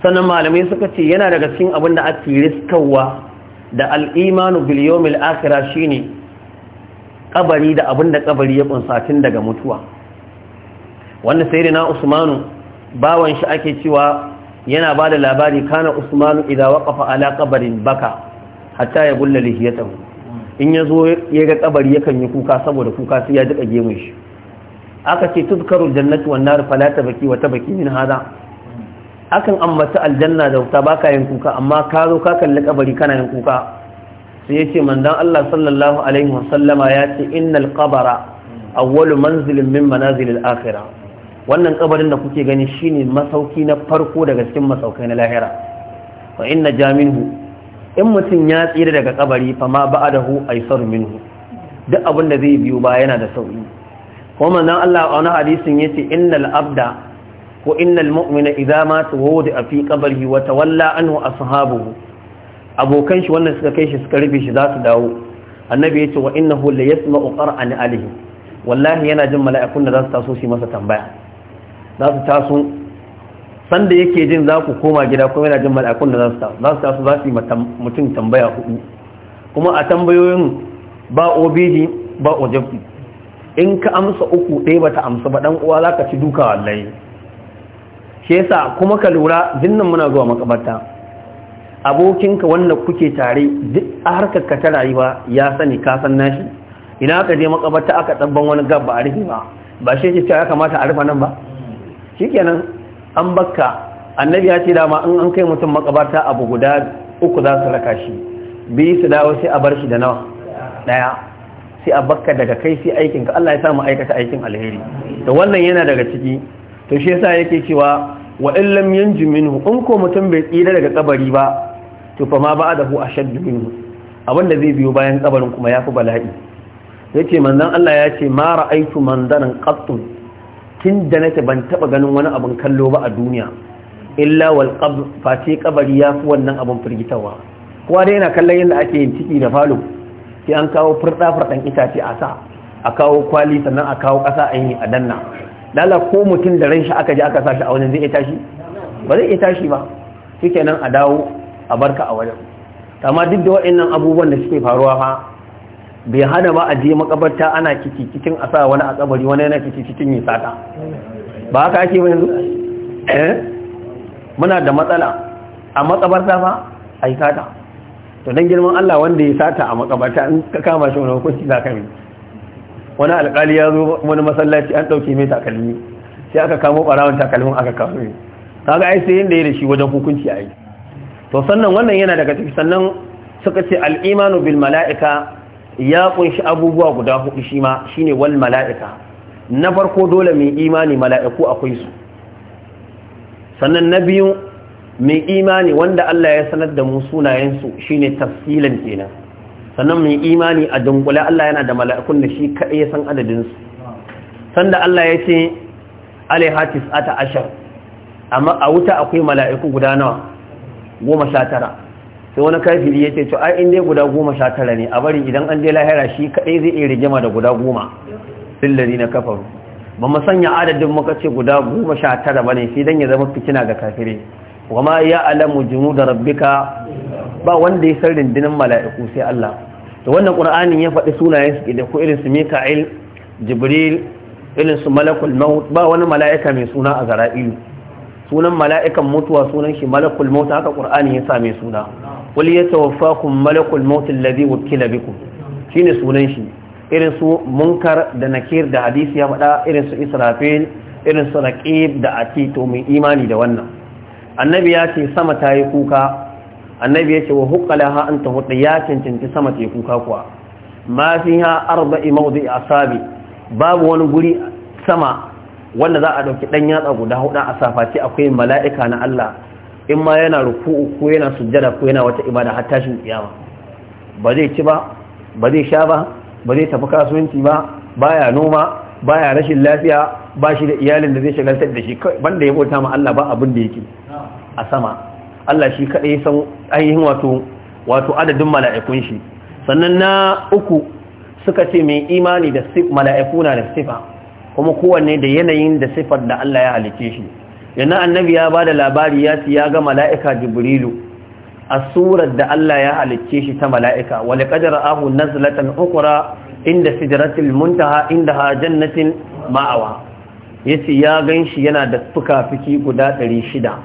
D: sannan malamai suka ce yana daga cikin abin da ake riskawa da bil yawmil akhirah shine kabari da abin da kabari ya kunsa tun daga mutuwa wanda sai na usmanu bawan shi ake cewa yana ba da labari kana usmanu idan waƙafa ala ƙabarin baka hatta ya gulla lihiyatahu in ya zo ya ga ƙabari yakan yi kuka saboda kuka sai ya jiƙa gemun shi aka ce tuzkaru jannatu wan nar fala baki wa tabaki min hada akan ambata aljanna da wuta baka yin kuka amma ka zo ka kalli ƙabari kana yin kuka sai yace manzon Allah sallallahu alaihi wasallama ya ce innal qabara awwalu manzilin min manazilil akhirah wannan kabarin da kuke gani shine masauki na farko daga cikin masaukai na lahira fa inna jaminhu in mutum ya tsira daga kabari fa ma ba'adahu aisar minhu duk abin da zai biyo ba yana da sauki kuma manzon Allah a wani hadisin yace innal abda ko innal mu'mina idza ma tuwada fi qabrihi wa tawalla anhu ashabuhu abokan shi wannan suka kai shi suka rufe shi za su dawo annabi yace wa innahu la yasma'u qara'an alihi wallahi yana jin mala'ikun da za su taso su masa tambaya za su taso sanda yake jin za ku koma gida kuma yana jin mala'ikun da za su taso za su taso za su yi mutum tambaya hudu kuma a tambayoyin ba obidi ba ojabti in ka amsa uku ɗaya ta amsa ba ɗan uwa za ka ci duka wallahi shi yasa kuma ka lura jinnan muna zuwa makabarta abokinka wanda kuke tare duk a harkar ka ta rayuwa ya sani ka san nashi ina ka je makabarta aka tsabban wani gab ba a rufe ba ba shi yake cewa ya kamata a rufe nan ba shikenan an bakka annabi ya ce dama in an kai mutum makabarta abu guda uku za su raka shi biyu su dawo sai a bar shi da nawa daya sai a bakka daga kai sai aikin ka Allah ya samu aikata aikin alheri to wannan yana daga ciki to shi yasa yake cewa wa in lam yanji minhu in ko mutum bai tsira daga kabari ba to fa ma hu ashaddu minhu abinda zai biyo bayan kabarin kuma yafi bala'i yace manzon Allah ya ce ma ra'aytu mandaran qattu tun da nake ban taba ganin wani abin kallo ba a duniya illa wal qabr ce kabari ya fi wannan abin firgitawa kowa dai yana kallon yadda ake yin ciki da falo sai an kawo furda furdan itace a sa a kawo kwali sannan a kawo kasa a yi a danna lala ko mutum da ran shi aka je aka sashi a wajen zai tashi ba zai iya tashi ba shikenan a dawo a barka a wajen amma duk da waɗannan abubuwan da suke faruwa fa bai hana ba a je makabarta ana kici cikin a sa wani a tsabari wani yana kici cikin yi sata ba haka ake ba yanzu eh? muna da matsala a makabarta ba a yi sata to don girman Allah wanda ya sata a makabarta in ka kama shi wani hukunci za ka wani alkali ya zo wani masallaci an ɗauke mai takalmi sai aka kamo ɓarawan takalmin aka kamo yi kaga ai sai yanda ya da shi wajen hukunci a yi to sannan wannan yana daga ciki sannan suka ce al'imanu bil mala'ika ya kunshi abubuwa guda hudu shi ma shine wal mala'ika na farko dole mai imani mala'iku akwai su sannan na biyu mai imani wanda Allah ya sanar da mu sunayensu shine tafsilin kenan sannan mai imani a dunkule Allah yana da mala'ikun da shi kaɗai ya san adadinsu sanda Allah ya ce alaihatis ata ashar amma a wuta akwai mala'iku guda nawa goma sha tara sai wani kafiri ya ce to ai in dai guda goma sha tara ne a bari idan an je lahira shi kaɗai zai iya rigima da guda goma fillari na kafaru ba mu sanya adadin muka ce guda goma sha tara ba ne sai dan ya zama fitina ga kafiri wa ma ya alamu junu da rabbika ba wanda ya san rindinin mala'iku sai Allah to wannan qur'anin ya faɗi sunayen su da ko irin su mika'il jibril irin su malakul maut ba wani mala'ika mai suna a zara'ilu sunan mala'ikan mutuwa sunan shi malakul maut haka qur'ani ya sa mai suna wal yatawaffakum malakul maut wakila biku Shi ne sunan shi irin su munkar da nakir da hadisi ya faɗa irin su israfil irin su raqib da ati to mai imani da wannan annabi ya ce sama ta yi kuka annabi ya ce wa ha an hudda ya cancanci sama ta yi kuka kuwa ma fiha arba'i a sabi babu wani guri sama wanda za a ɗauki ɗan yatsa guda hudu a safaci akwai mala'ika na Allah in ma yana ruku'u ko yana sujjada ko yana wata ibada har tashin kiyama ba zai ci ba ba zai sha ba ba zai tafi kasuwanci ba baya noma baya rashin lafiya ba shi da iyalin da zai shagaltar da shi banda ya bauta ma Allah ba abin da yake a sama Allah shi kadai ya san ainihin wato wato adadin mala'ikun shi sannan na uku suka ce mai imani da mala'iku na da sifa kuma kowanne da yanayin da sifar da Allah ya halice shi yana annabi ya ba da labari ya ci ya ga mala'ika jibrilu a surar da Allah ya halicce shi ta mala'ika wani ƙadar ahu nazlatan ukura inda sidratil muntaha inda ha jannatin ma'awa ya ya gan shi yana da fuka-fiki guda shida,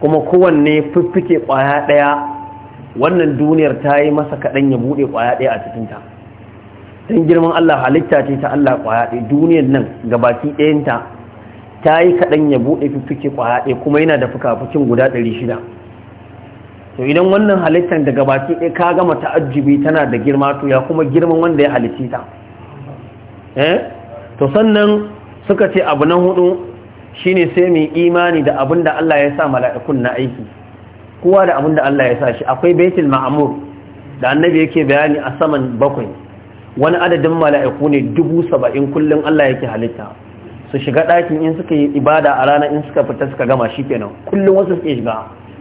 D: kuma kowanne fiffike ƙwaya ɗaya wannan duniyar ta yi masa kaɗan ya buɗe ƙwaya ɗaya a cikinta don girman Allah halitta ce ta Allah ƙwaya ɗaya duniyar nan gabaki ɗayanta ta yi kaɗan ya buɗe fiffike kwaɗe kuma yana da fukafukin guda ɗari shida to idan wannan halittar daga baki ɗaya ka gama ta'ajjubi tana da girma to ya kuma girman wanda ya halitti ta eh? to sannan suka ce abu na hudu shine sai mu imani da abin da Allah ya sa mala'ikun na aiki kowa da abin da Allah ya sa shi akwai baitul ma'amur da annabi yake bayani a saman bakwai wani adadin mala'iku ne dubu saba'in kullum Allah yake halitta su shiga ɗakin in suka yi ibada a rana in suka fita suka gama shi kenan kullum wasu suke shiga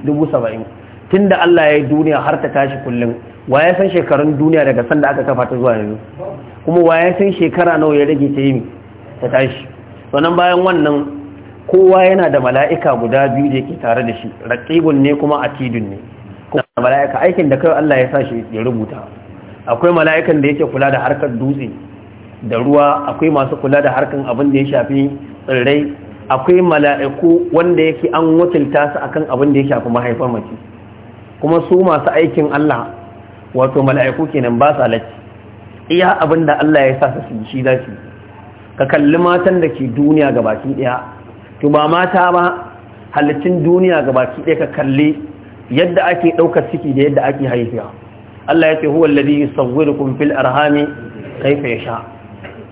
D: dubu saba'in tun da Allah ya yi duniya har ta tashi kullum ya san shekarun duniya daga sanda aka kafa ta zuwa yanzu kuma ya san shekara nawa ya rage ta yi ta tashi sannan bayan wannan kowa yana da mala'ika guda biyu da yake tare da shi raqibun ne kuma atidun ne kuma mala'ika aikin da kai Allah ya sa shi ya rubuta akwai mala'ikan da yake kula da harkar dutse da ruwa akwai masu kula da harkan abin da ya shafi tsirrai akwai mala'iku wanda yake an wakilta su akan abin da ya shafi mahaifar mace kuma su masu aikin Allah wato mala'iku kenan ba sa lacci iya abin da Allah ya sa su shi da shi ka kalli matan da ke duniya ga baki daya to ba mata ba halittun duniya ga baki daya ka kalli yadda ake daukar ciki da yadda ake haihuwa Allah ya ce huwa alladhi yusawwirukum fil arhami ya yasha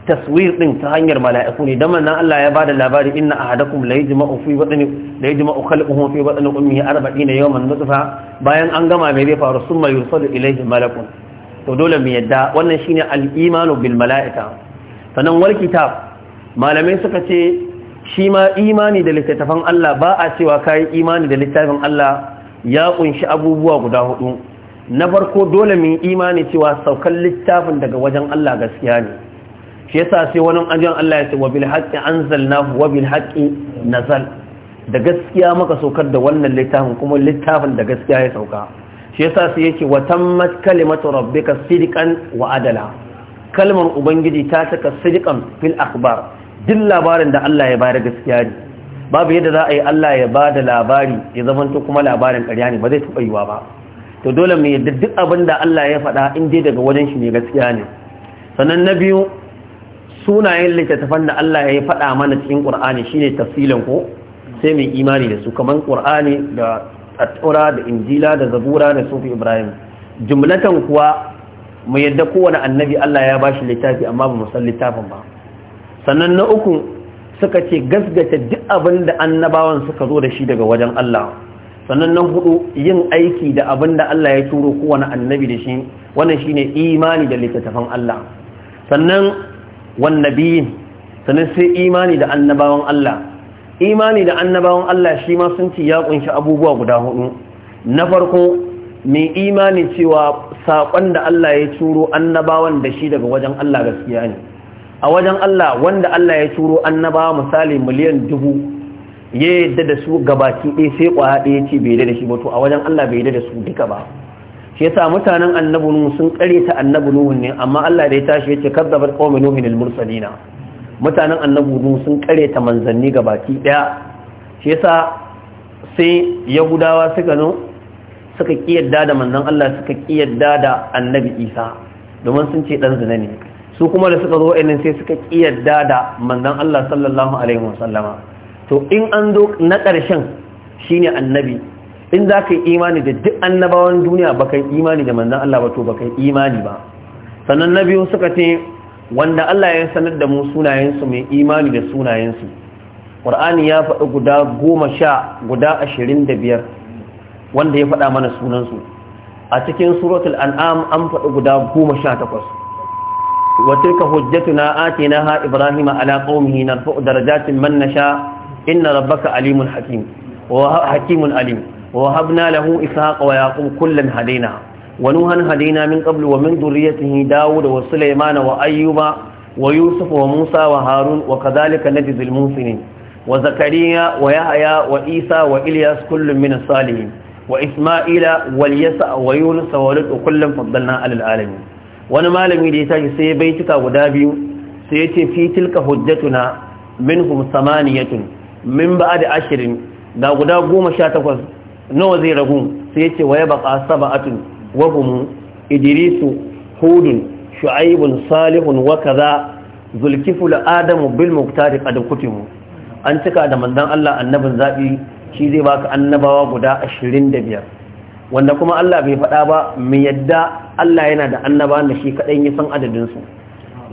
D: taswir din ta hanyar mala'iku ne dan manzon Allah ya bada labari inna ahadakum la yajma'u fi badani la yajma'u khalquhu fi badani ummihi 40 yawman nutfa bayan an gama me zai faru summa yursalu ilayhi malakun to dole mu yadda wannan shine al-imanu bil mala'ika sanan wal kitab malamai suka ce shi ma imani da littattafan Allah ba a cewa kai imani da littafin Allah ya kunshi abubuwa guda hudu na farko dole mu imani cewa saukan littafin daga wajen Allah gaskiya ne shi yasa sai wani anjan Allah ya ce wa bil haqqi anzalnahu wa bil haqqi nazal da gaskiya maka saukar da wannan littafin kuma littafin da gaskiya ya sauka shi yasa sai yake wa tammat kalimatu rabbika sidqan wa adala kalmar ubangiji ta saka sidqan fil akhbar duk labarin da Allah ya bayar gaskiya ne babu yadda za a yi Allah ya ba da labari ya zamanto kuma labarin ƙarya ne ba zai taɓa yiwa ba to dole mai yadda duk abin da Allah ya faɗa in dai daga wajen shi ne gaskiya ne sannan na biyu sunayen littattafan da Allah ya faɗa mana cikin Qur'ani shine tafsirin ko sai mai imani da su kaman Qur'ani da Attaura da Injila da Zabura da Sufi Ibrahim jumlatan kuwa mu yadda kowane annabi Allah ya bashi littafi amma ba mu san littafin ba sannan na uku suka ce gasgata duk abin da annabawan suka zo da shi daga wajen Allah sannan na hudu yin aiki da abin da Allah ya turo kowane annabi da shi wannan shine imani da littattafan Allah sannan wannabiyin nabiyyin sannan sai imani da annabawan Allah imani da annabawan Allah shi ma sun ci ya kunshi abubuwa guda hudu na farko mai imani cewa saƙon da Allah ya turo annabawan da shi daga wajen Allah gaskiya ne a wajen Allah wanda Allah ya turo annabawa misali miliyan dubu ya yadda da su gabaki ɗaya sai ƙwaya ɗaya ce bai da shi ba to a wajen Allah bai da da su duka ba shi yasa mutanen annabu nuhu sun kare ta nuhu ne amma Allah da ya tashi yace kadzabat qaumun nuhin al mursalina mutanen annabu nuhu sun ta manzanni gabaki daya shi yasa sai yahudawa suka no suka kiyarda da manzon Allah suka kiyarda da annabi Isa domin sun ce dan zina ne su kuma da suka zo ainin sai suka kiyarda da manzon Allah sallallahu alaihi wasallama to in an zo na karshen shine annabi in za ka yi imani da duk annabawan duniya ba kai imani da manzan Allah ba to ba kai imani ba sannan na biyu suka ce wanda Allah ya sanar da mu sunayensu mai imani da sunayensu ƙur'ani ya faɗi guda goma sha guda ashirin da biyar wanda ya faɗa mana sunansu a cikin suratul an'am an faɗi guda goma sha takwas وتلك حجتنا na إبراهيم na ha Ibrahim درجات من نشاء إن ربك عليم حكيم Hakimun عليم ووهبنا له إسحاق ويعقوب كلا هدينا ونوحا هدينا من قبل ومن ذريته داود وسليمان وأيوب ويوسف وموسى وهارون وكذلك نجزي المحسنين وزكريا ويحيى وعيسى وإلياس كل من الصالحين وإسماعيل واليسع ويونس وولد كلا فضلنا على العالمين wani malami da ya tashi sai ya baituka guda biyu sai ya ce fi tilka hujjatuna minhum samaniyatun min ba'd ashrin da guda 18 nawa zai ragu sai yace waya baqa sab'atun wa hum idrisu hudun shu'aibun salihun wa kaza zulkiful adamu bil muqtari qad kutimu an cika da manzon Allah annabin zabi shi zai baka annabawa guda 25 wanda kuma Allah bai faɗa ba mu yadda Allah yana da annaba da shi kadan yasan san adadin su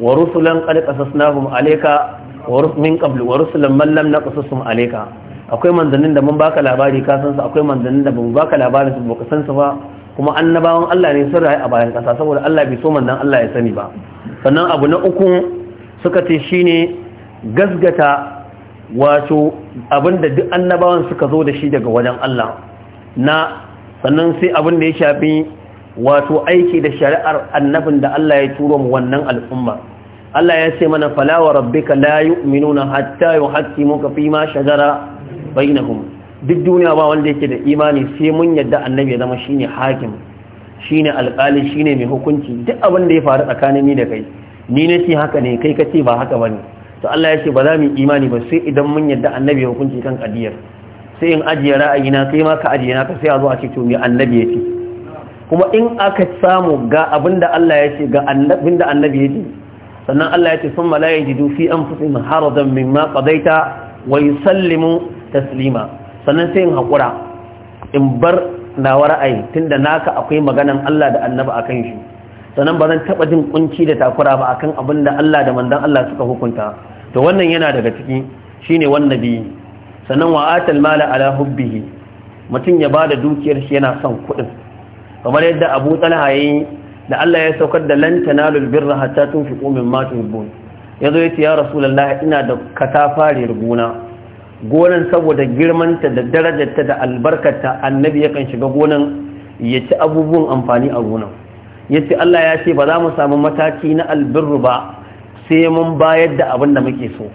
D: wa rusulan qad qasasnahum alayka wa min qablu wa rusulan man lam naqasasum alayka akwai manzannin da mun baka labari ka san akwai manzannin da mun baka labarin su baka san su ba kuma annabawan Allah ne sun rayu a bayan kasa saboda Allah bai so manzon Allah ya sani ba sannan abu na uku suka ce shine gasgata wato abinda duk annabawan suka zo da shi daga wajen Allah na sannan sai abin da ya shafi wato aiki da shari'ar annabin da Allah ya turo mu wannan al'umma Allah ya ce mana fala wa rabbika la yu'minuna hatta yuhaqqimuka fi ma shajara bainahum duk duniya ba wanda yake da imani sai mun yadda annabi ya zama shine hakim shine alƙali shine mai hukunci duk abin da ya faru tsakanin ni da kai ni ne ce haka ne kai kace ba haka bane to Allah ya ce ba za mu imani ba sai idan mun yadda annabi ya hukunci kan kadiyar sai in ajiye ra'ayina kai ma ka ajiye ka sai a zo a ce to annabi ya ce kuma in aka samu ga abinda Allah ya ce ga abinda annabi ya ce sannan Allah ya ce sun malayin jidu fi an fusin haradan min ma qadaita wa yusallimu taslima sannan sai in haƙura in bar nawa ra'ayi tunda naka akwai maganan Allah da annabi akan shi sannan bazan zan taɓa jin kunci da takura ba akan abin da Allah da mandan Allah suka hukunta to wannan yana daga ciki shine wannan biyu sannan wa atal mala ala hubbihi mutum ya bada dukiyar shi yana son kuɗin kamar yadda Abu Talha yayi da Allah ya saukar da lan tanalul birra hatta tunfiqu mimma tuhibbun yazo yace ya rasulullahi ina da katafariyar rubuna. gonan saboda girmanta da darajarta da albarkarta annabi yakan shiga gonan ya ci abubuwan amfani a gonan ya ce Allah ya ce ba za mu samu mataki na albirru ba sai mun bayar da abin da muke so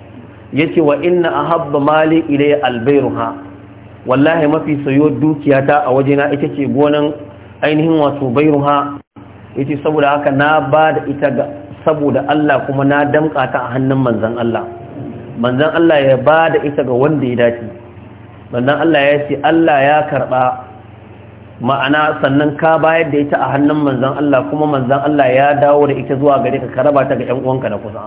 D: ya ce wa inna a habba mali ilai albairuha wallahi mafi sayo dukiyata a wajena ita ce gonan ainihin wato ha? ya ce saboda haka na ba da ita saboda Allah kuma na damƙata a hannun manzan Allah manzan Allah ya ba da ita ga wanda ya dace manzan Allah ya ce Allah ya karɓa ma'ana sannan ka bayar da ita a hannun manzan Allah kuma manzan Allah ya dawo da ita zuwa gare ka karaba ta ga ƴan uwanka na kusa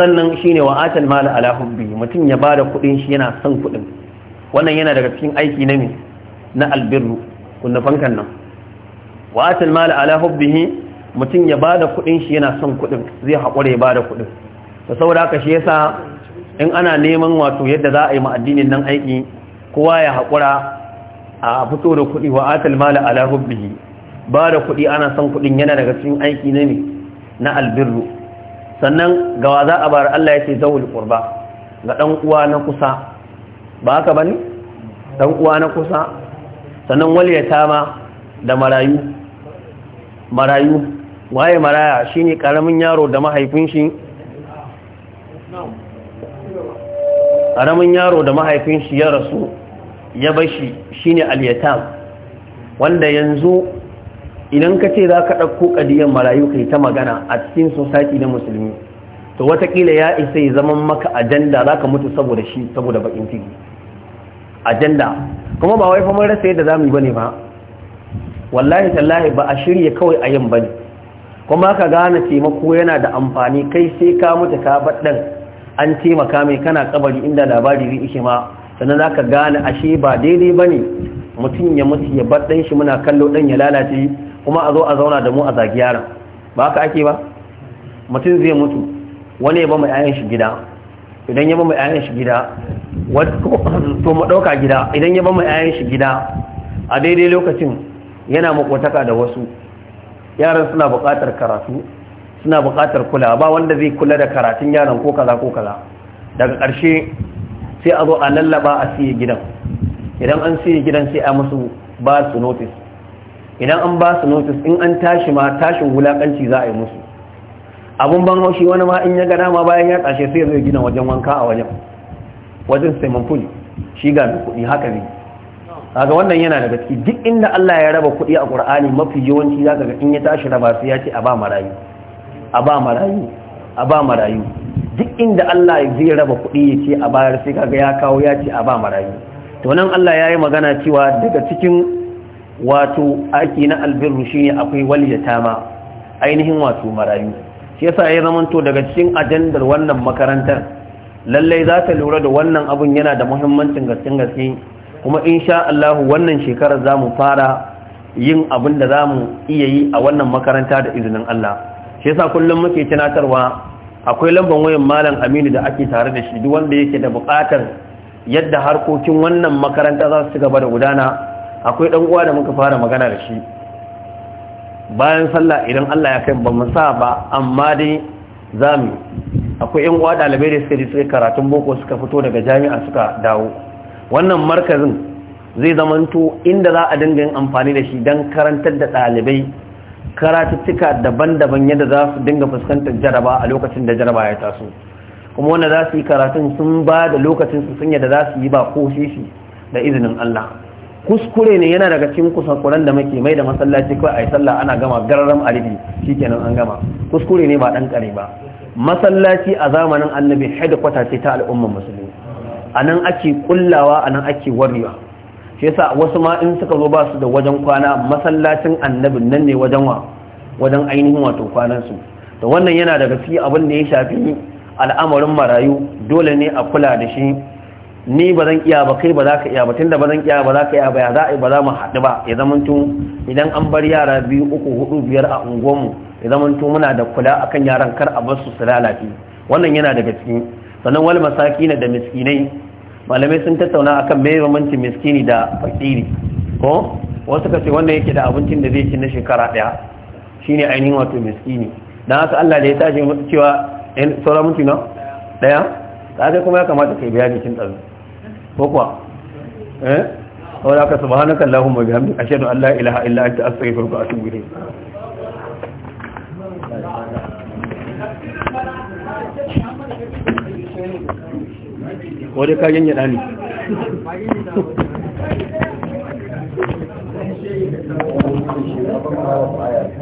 D: sannan shine wa atal mal ala hubbi mutum ya bada kuɗin shi yana son kudin wannan yana daga cikin aiki na me na albirru kunna fankan nan wa atal mal ala hubbi mutum ya bada kuɗin shi yana son kuɗin zai haƙura ya bada kuɗin da saboda haka shi yasa in ana neman wato yadda za a yi ma nan aiki kowa ya haƙura a fito da kuɗi wa atal mala ala hubbihi ba da kuɗi ana son kuɗin yana daga cikin aiki ne ne na albirru sannan wa za a bar Allah ya ce zawul qurba ga dan uwa na kusa ba haka bane dan uwa na kusa sannan ta ma, da marayu marayu waye maraya shine karamin yaro da mahaifin shi ƙaramin yaro da mahaifin shi ya rasu ya bashi shine al wanda yanzu idan ka ce za ka ɗauko ƙadiyar marayu kai ta magana a cikin sosaki na musulmi to watakila ya isa ya zama maka ajanda za ka mutu saboda shi saboda bakin ciki ajanda kuma ba wai famar rasa yadda za mu yi ba ba wallahi tallahi ba a shirya kawai a yin bani. kuma ka gane taimako yana da amfani kai sai ka mutu ka baɗin an taimaka mai kana kabari inda labari zai ishe ma sannan za ka gane ashe ba daidai ba ne mutum ya mutu ya bar ɗan shi muna kallo ɗan ya lalace kuma a zo a zauna da mu a zagi yaran. ba haka ake ba mutum zai mutu wani ya ba mai ayan shi gida idan ya ba mai ayan shi gida to mu ɗauka gida idan ya ba mai ayan shi gida a daidai lokacin yana makwataka da wasu yaran suna buƙatar karatu suna buƙatar kula ba wanda zai kula da karatun yaron ko kaza ko kaza daga ƙarshe sai a zo a lallaba a siye gidan idan an siye gidan sai a musu ba su notice idan an ba su notice in an tashi ma tashin wulaƙanci za a yi musu abun ban haushi wani ma in ya gada ma bayan ya tashe sai zai gina wajen wanka a wajen wajen swimming pool shi ga mai kuɗi haka ne kaga wannan yana da ciki duk inda Allah ya raba kuɗi a Qur'ani mafi yawanci zaka ga in ya tashi raba sai ya ce a ba marayu a ba marayu a ba marayu duk inda Allah zai raba kuɗi ya ce a bayar sai kaga ya kawo ya ce a ba marayu to nan Allah ya yi magana cewa daga cikin wato aiki na albirru ne akwai wal yatama ainihin wato marayu shi yasa ya to daga cikin ajandar wannan makarantar lallai za ta lura da wannan abun yana da muhimmancin gaskin gaske kuma insha Allah wannan shekarar zamu fara yin abin da zamu iya yi a wannan makaranta da izinin Allah shi yasa kullum muke tunatarwa akwai lambar wayan malam Aminu da ake tare da shi duk wanda yake da buƙatar yadda harkokin wannan makaranta za su ci gaba da gudana akwai dan uwa da muka fara magana da shi bayan sallah idan Allah ya kai ba mu sa ba amma dai zamu akwai yan uwa dalibai da suka ji karatun boko suka fito daga jami'a suka dawo wannan markazin zai zamanto inda za a dinga yin amfani da shi don karantar da dalibai. karatuttuka daban-daban yadda za su dinga fuskantar jaraba a lokacin da jaraba ya taso kuma wanda za su yi karatun sun ba da lokacin su sun yadda za su yi ba ko shi da izinin Allah kuskure ne yana daga cikin kusakuran da muke mai da masallaci kawai a yi sallah ana gama gararam alibi shikenan an gama kuskure ne ba dan kare ba masallaci a zamanin annabi kwata ce ta al'ummar musulmi anan ake kullawa anan ake warriwa shi yasa wasu ma in suka zo ba su da wajen kwana masallacin annabin nan ne wajen wa wajen ainihin wato kwanansu da wannan yana daga fi abin da ya shafi al'amarin marayu dole ne a kula da shi ni ba zan iya ba kai ba za ka iya ba tunda ba zan iya ba za ka iya ba ya za a ba za mu haɗu ba ya tun idan an bar yara biyu uku hudu biyar a unguwanmu ya zamanto muna da kula akan yaran kar a bar su su lalace wannan yana daga ciki sannan wal na da miskinai malamai sun tattauna akan me bambancin miskini da fakiri ko wasu ka ce wanda yake da abincin da zai ci na shekara daya shine ainihin wato miskini dan haka Allah da ya tashi cewa in eh, sauran mutu na daya kaga kuma ya kamata kai biya jikin tsaro ko kuwa eh wala ka subhanaka allahumma bihamdika ashhadu an la ilaha illa anta astaghfiruka wa atubu ilayk wadda ka yanya ɗani
A: Thank you.